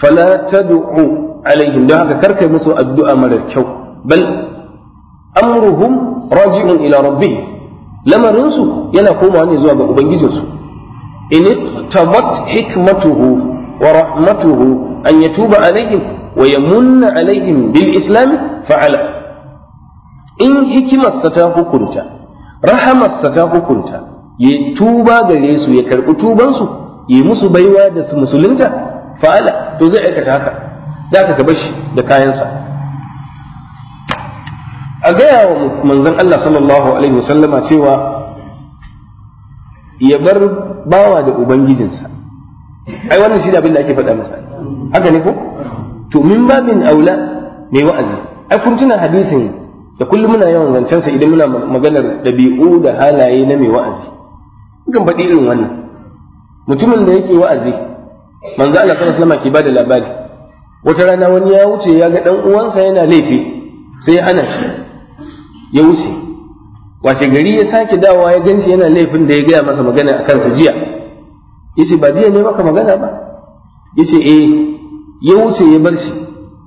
fala tad'u alaihim don haka kar ka musu addu'a mara kyau bal amruhum raji'un ila rabbih lamarinsu yana komawa ne zuwa ga ubangijinsu in tabat hikmatuhu wa rahmatuhu an yatuba alaihim wa yamunna alaihim bil islam fa'ala in hikimarsa ta hukunta rahamarsa ta hukunta ya tuba gare su ya karɓi tubansu yi musu baiwa da su musulunta fa'ala to zai aikata haka da ka gaba bashi da kayansa a gaya wa manzon Allah sallallahu alaihi wasallama cewa ya bar bawa da ubangijinsa ai wannan shi da abin da ake faɗa masa haka ne ko to min babin aula mai wa'azi ai kun tuna hadisin da kullum muna yawan zancen sa idan muna maganar dabi'u da halaye na mai wa'azi kan faɗi irin wannan mutumin da yake wa'azi manzo Allah sallallahu alaihi wasallam da bada labari wata rana wani ya wuce ya ga dan uwansa yana laifi sai ya hana shi ya wuce wace gari ya sake dawowa ya ganshi yana laifin da ya gaya masa magana a kansa jiya yace ba jiya ne maka magana ba yace eh ya wuce ya bar shi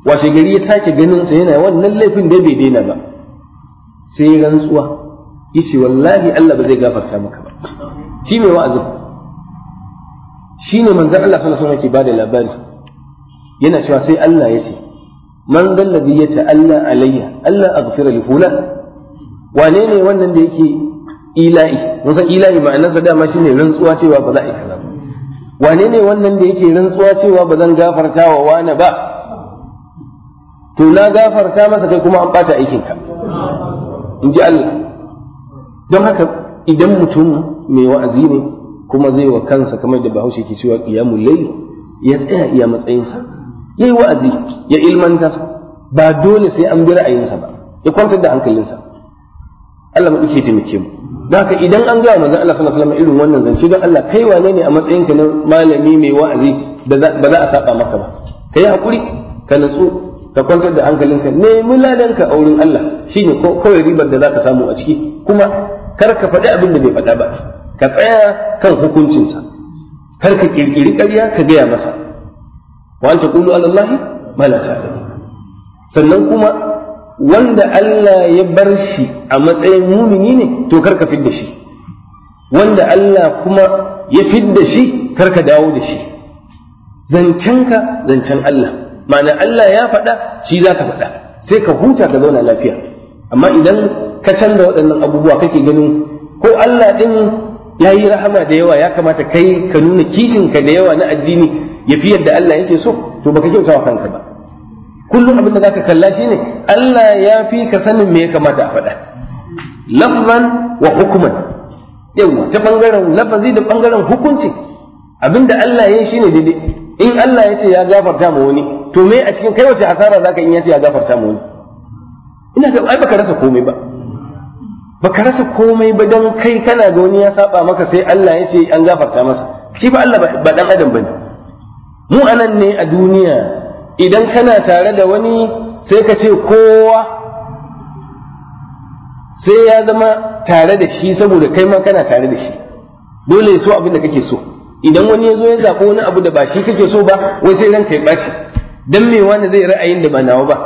wace gari ya sake ganin sa yana wannan laifin da bai daina ba sai rantsuwa yace wallahi Allah ba zai gafarta maka ba shi mai wa'azin Shi ne manzon Allah sallallahu alaihi wasallam ke bada labari yana cewa sai Allah ya ce man dal ladhi yata'alla alayya Allah aghfira li fulan wane ne wannan da yake ila'i musan ila'i ma'anarsa dama shine rantsuwa cewa ba za a yi kaza ba wane ne wannan da yake rantsuwa cewa ba zan gafarta wa wani ba to na gafarta masa kai kuma an bata aikinka in ji Allah don haka idan mutum mai wa'azi ne kuma zai wa kansa kamar da bahaushe ke cewa qiyamul layl ya tsaya iya matsayinsa yayi wa'azi ya ilmantar ba dole sai an bi ra'ayinsa ba ya kwantar da hankalinsa Allah mu duke taimake mu haka idan an gaya manzon Allah sallallahu alaihi wasallam irin wannan zance don Allah kai wane ne a matsayinka na malami mai wa'azi ba za a saba maka ba kai hakuri ka natsu ka kwantar da hankalinka nemi ladanka a wurin Allah shine kawai ribar da za ka samu a ciki kuma kar ka faɗi abin da bai faɗa ba ka tsaya kan hukuncinsa kar ka kirkiri ƙarya ka gaya masa wa an taqulu ala Allah ma la sannan kuma wanda Allah ya bar shi a matsayin mumini ne to kar ka fidda shi wanda Allah kuma ya fidda shi kar ka dawo da shi zancenka zancen Allah ma'ana Allah ya faɗa shi za ka faɗa sai ka huta ka zauna lafiya amma idan ka canza waɗannan abubuwa kake ganin ko Allah ɗin ya yi rahama da yawa ya kamata kai ka nuna kishinka da yawa na addini ya fi yadda Allah yake so to baka kyauta wa kanka ba kullum abin da zaka kalla shine Allah ya fi ka sanin me ya kamata a faɗa lafzan wa hukuman yawa ta bangaren lafazi da bangaren hukunci abinda Allah ya yi shine daidai in Allah ya ce ya gafarta ma wani to me a cikin kai wace hasara zaka in ya ce ya gafarta ma wani ina ga ai baka rasa komai ba baka rasa komai ba dan kai kana ga wani ya saba maka sai Allah ya ce an gafarta masa shi ba Allah ba dan adam bane mu anan ne a duniya idan kana tare da wani sai ka ce kowa sai ya zama tare da shi saboda kai ma kana tare da shi dole ya so abin da kake so idan wani ya zo ya zaɓi wani abu da ba shi kake so ba wai sai ranka kai ɓaci dan me wani zai ra'ayin da ba nawa ba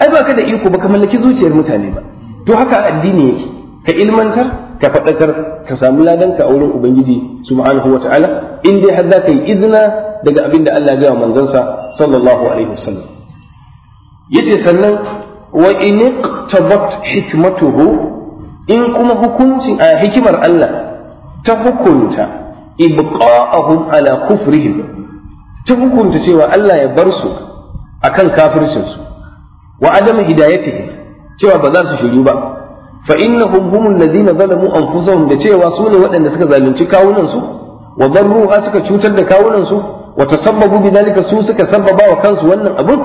ai ba ka da iko ba ka mallaki zuciyar mutane ba to haka addini yake ka ilmantar ka faɗakar ka samu ladan ka a wurin ubangiji subhanahu wata'ala in dai har za ka yi izina daga abin da Allah ya gaya manzansa sallallahu alaihi wasallam yace sannan wa in tabat hikmatuhu in kuma hukunci a hikimar Allah ta hukunta ibqa'ahum ala kufrihim ta hukunta cewa Allah ya bar su akan kafircinsu wa adam ce cewa ba za su shiru ba fa innahum humul ladina zalamu anfusahum da cewa su ne waɗanda suka zalunci kawunan su wa darruha suka cutar da kawunan su wa tasabbabu bidalika su suka sabbaba wa kansu wannan abun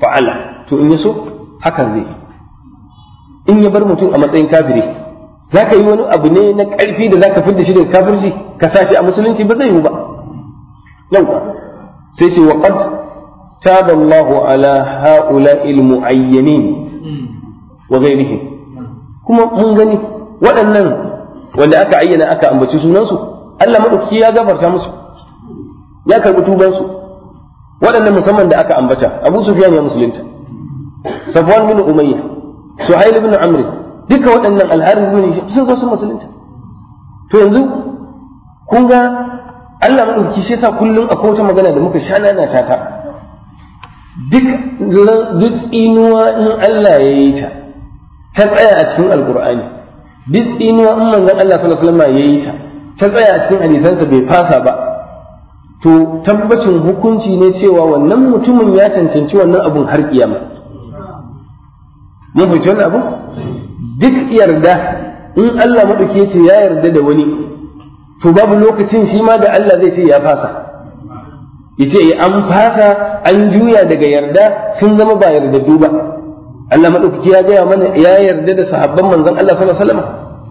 fa'ala to in yaso hakan zai in ya bar mutum a matsayin kafiri zaka yi wani abu ne na ƙarfi da zaka fidda shi daga kafirci ka sa shi a musulunci ba zai yi ba yau sai ce wa qad taba ala ha'ula'il mu'ayyanin wa ghairihim kuma mun gani waɗannan wanda aka ayyana aka ambaci sunansu Allah maɗauki ya gafarta musu ya karɓi tubansu waɗannan musamman da aka ambata Abu Sufyan ya musulunta Safwan bin Umayya Suhail bin Amr duka waɗannan alharin bin sun zo sun musulunta to yanzu kun ga Allah maɗauki shi yasa kullum akwai wata magana da muka shana nana Duk duk tsinuwa in Allah ya yi ta ta tsaya a cikin alkur'ani duk tsinuwa in manzon Allah sallallahu alaihi wasallam yayi ta ta tsaya a cikin hadisansa bai fasa ba to tabbacin hukunci ne cewa wannan mutumin ya cancanci wannan abun har kiyama mun fahimci wannan abu duk yarda in Allah madauke ce ya yarda da wani to babu lokacin shi ma da Allah zai ce ya fasa yace an fasa an juya daga yarda sun zama ba yarda duba. Allah madaukaki ya gaya mana ya yarda da sahabban manzon Allah sallallahu alaihi wasallam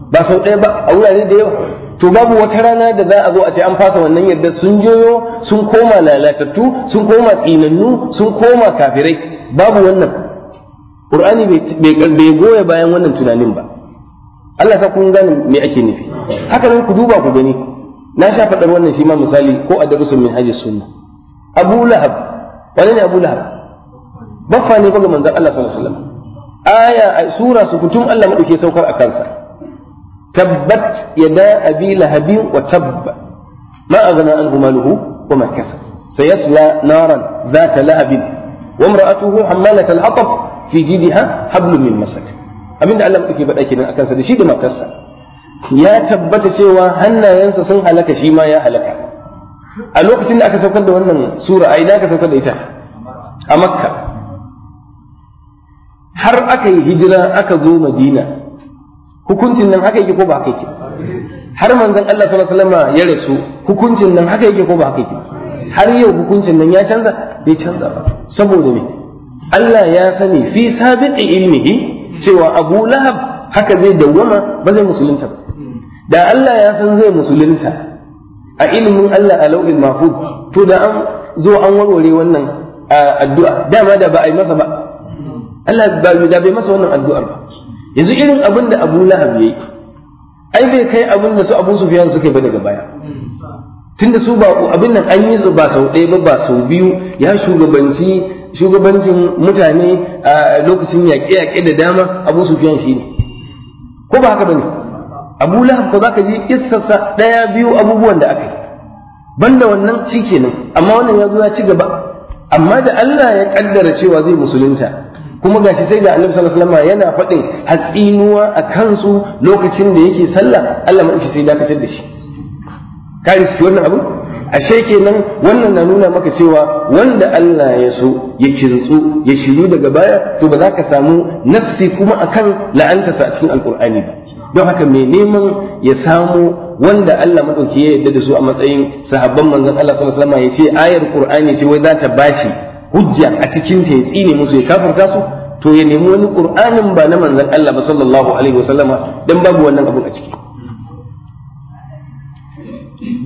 ba sau ɗaya ba a wurare da yawa to babu wata rana da za a zo a ce an fasa wannan yarda sun joyo sun koma lalatattu sun koma tsinannu sun koma kafirai babu wannan qur'ani bai goya bayan wannan tunanin ba Allah sa kun gane me ake nufi haka nan ku duba ku gani na sha faɗar wannan shi ma misali ko a darusin min hajji sunna Abu Lahab wani ne Abu Lahab baffa ne ga manzon Allah sallallahu alaihi wasallam aya a sura su kutum Allah madauke saukar a kansa tabbat yada abi lahabin wa tabba ma aghna anhu maluhu wa ma kasab sayasla naran zata lahabin wa imra'atuhu hammalat al-hatab fi jidha hablum min masad abinda Allah madauke faɗa kenan akan sa da shi da matarsa ya tabbata cewa hannayensa sun halaka shi ma ya halaka a lokacin da aka saukar da wannan sura ai da aka saukar da ita a makka har aka yi hijira aka zo madina hukuncin nan haka yake ko ba haka yake har manzon Allah sallallahu alaihi wasallam ya rasu hukuncin nan haka yake ko ba haka yake har yau hukuncin nan ya canza bai canza ba saboda me Allah ya sani fi sabiqi ilmihi cewa Abu Lahab haka zai dawwama ba zai musulunta ba da Allah ya san zai musulunta a ilimin Allah a lauhin mahfuz to da an zo an warware wannan addu'a dama da ba a yi masa ba Allah ba da bai masa wannan addu'ar ba yanzu irin abin da Abu Lahab yayi ai bai kai abin da su Abu Sufyan suka yi ba daga baya tunda su ba abin nan an yi su ba sau ɗaya ba ba sau biyu ya shugabanci shugabancin mutane a lokacin yaƙe-yaƙe da dama Abu Sufyan shi ne ko ba haka bane Abu Lahab ko zaka ji kissarsa ɗaya biyu abubuwan da aka yi banda wannan shi amma wannan ya zo ya ci gaba amma da Allah ya kaddara cewa zai musulunta kuma gashi sai ga annabi sallallahu alaihi wasallam yana faɗin hatsinuwa a kansu lokacin da yake sallah Allah madauki sai dakatar da shi ka riski wannan abu ashe kenan wannan na nuna maka cewa wanda Allah ya so ya kintsu ya shiru daga baya to ba za ka samu nafsi kuma akan la'antarsa a cikin alkur'ani ba don haka mai neman ya samu wanda Allah madauki ya yarda da su a matsayin sahabban manzon Allah sallallahu alaihi wasallam ya ce ayar Qur'ani ce wai za ta bashi hujja a cikin ta ya tsine musu ya kafarta su to ya nemi wani qur'anin ba na manzon Allah ba sallallahu alaihi wasallama dan babu wannan abun a ciki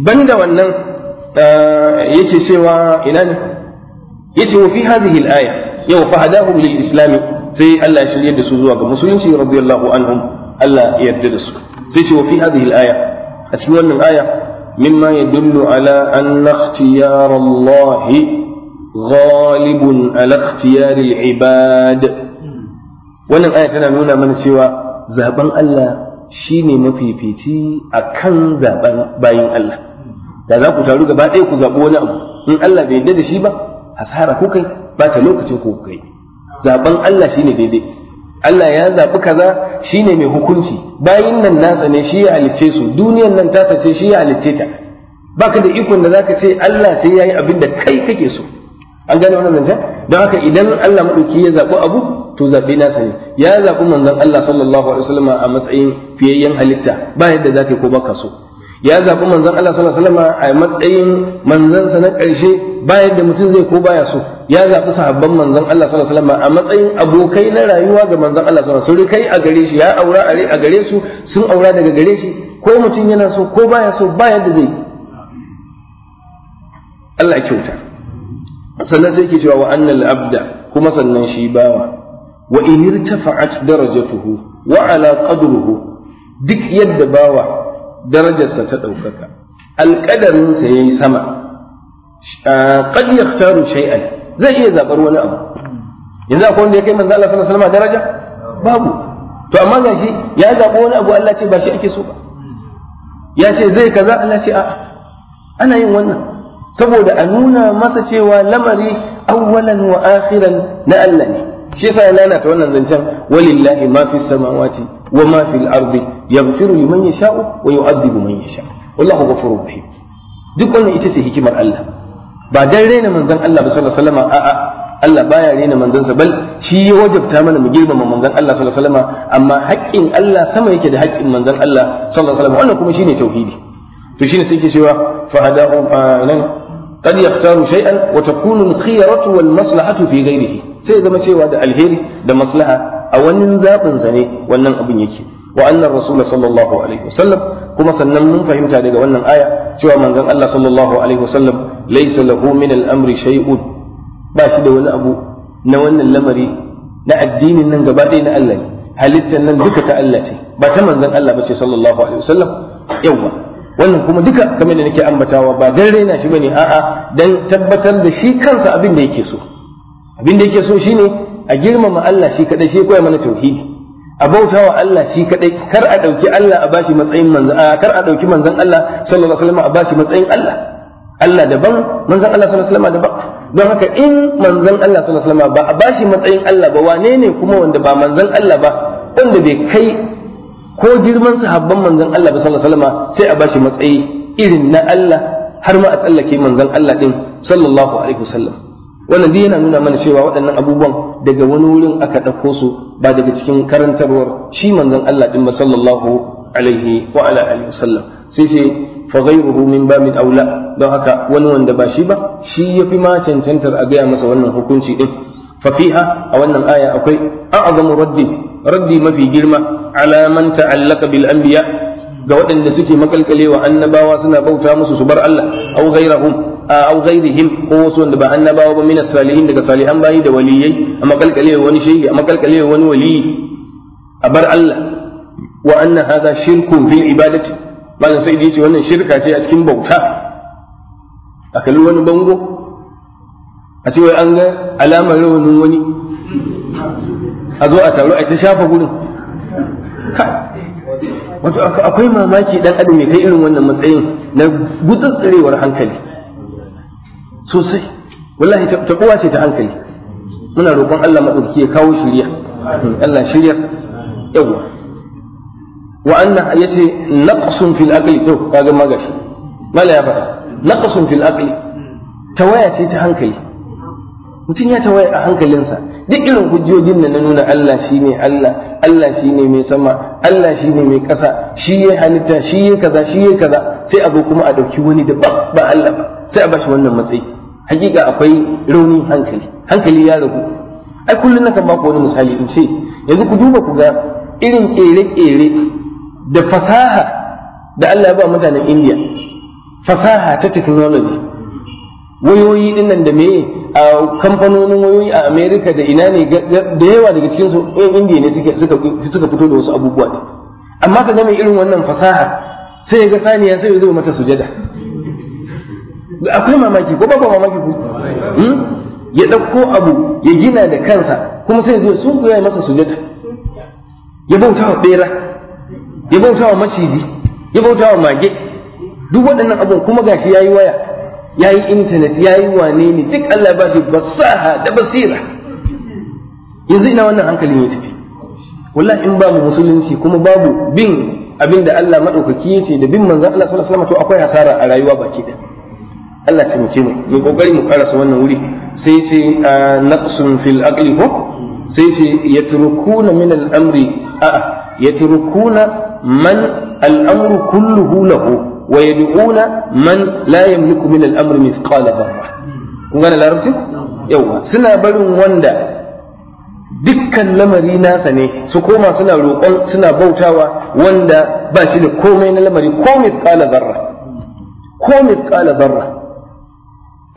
banda wannan eh, yake cewa ina ne yace wa fi hadhihi al-aya yau fahadahum lil islam sai Allah ya shirye da su zuwa ga musulunci radiyallahu anhum Allah ya yarda da su sai ce wa fi hadhihi al-aya a cikin wannan aya mimma yadullu ala anna ikhtiyar Allah ghalibun ala ikhtiyaril ibad wannan aya tana nuna mana cewa zaben Allah shine mafifici akan zaben bayin Allah da za ku taru gaba ɗaya ku zaɓi wani abu in Allah bai yarda da shi ba hasara ku kai ba ta lokacin ku kai zaben Allah shine daidai Allah ya zaɓi kaza shine mai hukunci bayin nan nasa ne shi ya halicce su duniyan nan ta ce shi ya halicce ta baka da ikon da zaka ce Allah sai yayi abin da kai kake so an gane wannan zance don haka idan Allah maɗauki ya zaɓi abu to zaɓi nasa ne ya zaɓi manzon Allah sallallahu alaihi wasallam a matsayin fiyayyen halitta ba yadda za ka ko baka so ya zaɓi manzon Allah sallallahu alaihi wasallam a matsayin sa na ƙarshe ba yadda mutum zai ko baya so ya zaɓi sahabban manzon Allah sallallahu alaihi wasallam a matsayin abokai na rayuwa ga manzon Allah sallallahu alaihi wasallam kai a gare shi ya aura a gare su sun aura daga gare shi ko mutum yana so ko baya so ba yadda zai Allah kyauta sannan sai ke cewa wa annal abda kuma sannan shi bawa wa in irtafa'at darajatuhu wa ala qadruhu duk yadda bawa darajarsa ta ɗaukaka alƙadarinsa ya yi sama qad yaktaru shay'an zai iya zaɓar wani abu yanzu akwai wanda ya kai manzo Allah sallallahu alaihi daraja babu to amma gashi ya zabo wani abu Allah ce ba shi ake so ba ya ce zai kaza Allah ce a'a ana yin wannan saboda a nuna masa cewa lamari awwalan wa akhiran na Allah ne shi yasa ya lalata wannan zancen walillahi ma fi samawati wa ma fil ardi yaghfiru liman yasha'u wa yu'adhibu man yasha wallahu ghafurur rahim duk wannan ita ce hikimar Allah ba dan rena manzon Allah sallallahu alaihi wasallam a'a Allah baya rena manzansa bal shi ya wajabta mana mu girmama manzon Allah sallallahu alaihi wasallam amma haƙƙin Allah sama yake da haƙƙin manzon Allah sallallahu alaihi wasallam wannan kuma shine tauhidi to shine sai ke cewa fa hada'u nan qad yaftaru shay'an wa takunu al-khiyaratu wal maslahatu fi ghayrihi sai zama cewa da alheri da maslaha a wannan zabin sa wannan abin yake wa anna sallallahu alaihi wasallam kuma sannan mun fahimta daga wannan aya cewa manzon Allah sallallahu alaihi wasallam laysa lahu min amri shay'un ba shi da wani abu na wannan lamari na addinin nan gaba ɗaya na Allah ne nan duka ta Allah ce ba ta manzon Allah ba sallallahu alaihi wasallam yawa wannan kuma duka kamar da nake ambatawa ba dan raina shi bane a'a dan tabbatar da shi kansa abin da yake so abin da yake so shine a girmama Allah shi kadai shi koyar mana tauhidi a bautawa Allah shi kadai kar a dauki Allah a bashi matsayin a kar a dauki manzon Allah sallallahu alaihi wasallam a bashi matsayin Allah Allah daban manzon Allah sallallahu alaihi wasallam daban don haka in manzon Allah sallallahu alaihi wasallam ba a bashi matsayin Allah ba wane ne kuma wanda ba manzon Allah ba wanda bai kai ko girman sahabban manzon Allah sallallahu alaihi wasallam sai a bashi matsayi irin na Allah har ma a tsallake manzon Allah din sallallahu alaihi wasallam wannan dai yana nuna mana cewa waɗannan abubuwan daga wani wurin aka ɗauko su ba daga cikin karantarwar shi manzon Allah din ba sallallahu alaihi wa ala alihi wasallam sai sai fa ghayruhu min babin aula don haka wani wanda ba shi ba shi yafi ma cancantar a gaya masa wannan hukunci din fa fiha a wannan aya akwai a'zamu raddi raddi mafi girma ala man ta'allaka bil ga waɗanda suke makalkalewa annabawa suna bauta musu su bar Allah aw ghairahum aw ghairihim ko wasu wanda ba annabawa ba minas salihin daga salihan bayi da waliyai a makalkale wani shehi a makalkale wani waliyi a bar Allah wa anna hadha shirkun fil ibadati malam sai yace wannan shirka ce a cikin bauta a kalli wani bango a ce wai an ga alamar rawanin wani a zo a taro a ta shafa gurin wato akwai mamaki dan adam mai kai irin wannan matsayin na gutsutsurewar hankali sosai wallahi ta kowa ce ta hankali muna roƙon Allah madauki ya kawo shirya. Allah shiryar yawa wa anna yace naqsun fil aqli to kaga magashi mala ya faɗa naqsun fil aqli tawaya ce ta hankali mutum ya tawaya a hankalinsa duk irin hujjojin da na nuna Allah shine Allah Allah shine mai sama Allah shine mai ƙasa shi ya halitta shi ya kaza shi ya kaza sai a zo kuma a ɗauki wani da ba Allah ba sai a bashi wannan matsayi hakika akwai rauni hankali hankali ya ragu ai kullum nakan baku wani misali in ce yanzu ku duba ku ga irin ƙere-ƙere da fasaha da Allah ya ba mutanen India fasaha ta technology wayoyi dinnan da meye a kamfanonin wayoyi a Amerika da ina ne da yawa daga cikin su ɗan indiya ne suka fito da wasu abubuwa ne amma ka ga mai irin wannan fasaha sai ya ga saniya sai ya zo mata sujada akwai mamaki ko babu mamaki ko hmm? ya ɗauko abu ya gina da kansa kuma sai ya zo sun ya masa sujada ya bauta wa ya bauta maciji ya bauta wa mage duk waɗannan abun kuma gashi ya yi waya ya yi intanet ya yi wane ne duk Allah ba shi basaha da basira yanzu ina wannan hankalin ya tafi wallahi in mu musulunci kuma babu bin abin da Allah madaukaki ya ce da bin manzan Allah sallallahu alaihi wasallam to akwai hasara a rayuwa baki da Allah ce muke mu mu kokari mu karasa wannan wuri sai ce naqsun fil aqli ko sai ce yatrukuna min al amri a yatrukuna man al amru kulluhu lahu wa yad'una man la yamliku min al-amr kun gane larabcin suna barin wanda dukkan lamari nasa ne su koma suna roƙon suna bautawa wanda ba shi da komai na lamari ko mithqala zarra ko mithqala zarra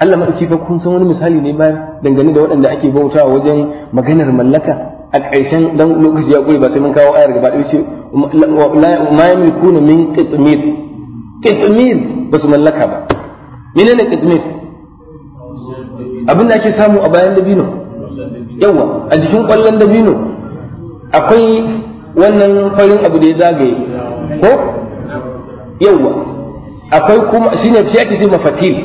Allah madauki fa kun san wani misali ne ba dangane da waɗanda ake bautawa wajen maganar mallaka a ƙarshen dan lokaci ya ba sai mun kawo ayar gaba ɗaya ce ma yamlikuna min qitmir kitmir ba su mallaka ba menene kitmir abin da ake samu a bayan dabino yawa a jikin kwallon dabino akwai wannan farin abu da ya zagaye ko yawa akwai kuma shine shi ake ce mafatil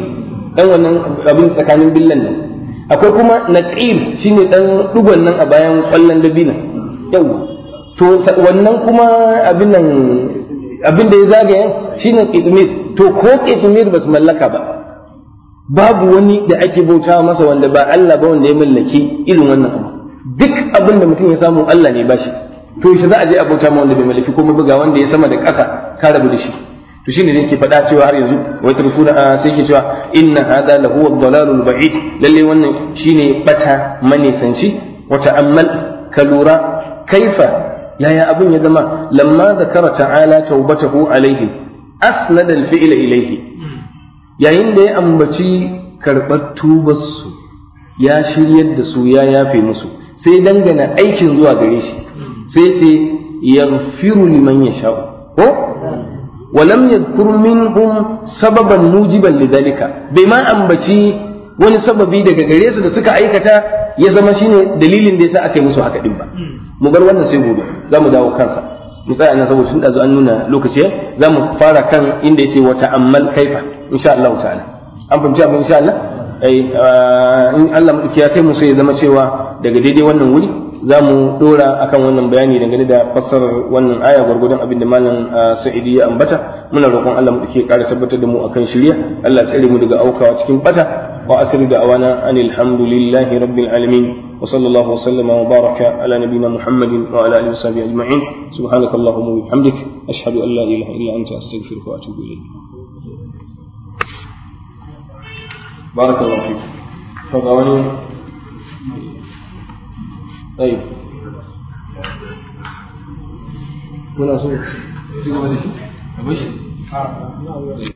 dan wannan abin tsakanin billan nan akwai kuma naqir shine dan dugon nan a bayan kwallon dabino yawa to wannan kuma abin nan abin da ya zagaya shine qitmir to ko qitmir ba su mallaka ba babu wani da ake bauta masa wanda ba Allah ba wanda ya mallaki irin wannan abu duk abin da mutum ya samu Allah ne bashi to shi za a je a bauta ma wanda bai mallaki ko buga wanda ya sama da ƙasa ka rabu da shi to shine ne ke faɗa cewa har yanzu wai a ah, sai ke cewa inna hada lahu ad-dalalul ba'id lalle wannan shine bata manisanci wata amal ka lura kaifa yaya abin ya zama lamma zakara ta'ala tawbatahu alaihi asnada alfi'la fila ilayhi yayin da ya ambaci karɓar tubarsu ya shiryar da su ya yafe musu sai dangana aikin zuwa gare shi sai sai yaghfiru liman yasha ko walam yadhkur minhum sababan mujiban lidhalika bai ma ambaci wani sababi daga gare su da suka aikata ya zama shine dalilin da yasa aka yi musu haka din ba hmm. mu bar wannan sai gobe za mu dawo kansa mu tsaya nan saboda tun ɗazu an nuna lokaci za mu fara kan inda yace wata amal kaifa insha Allah ta'ala an fahimci abin insha Allah eh, ai ah, in Allah ya kai mu sai ya zama cewa daga daidai wannan wuri za mu dora akan wannan bayani dangane da fassarar wannan aya gwargwadon abin da malam ah, sa'idi ya ambata muna roƙon Allah mu dake ƙara tabbatar da mu akan shirya Allah tsare mu daga aukawa cikin bata وآخر دعوانا أن الحمد لله رب العالمين وصلى الله وسلم وبارك على نبينا محمد وعلى آله وصحبه أجمعين سبحانك اللهم وبحمدك أشهد أن لا إله إلا أنت أستغفرك وأتوب إليك بارك الله فيك فقوانين طيب أبشر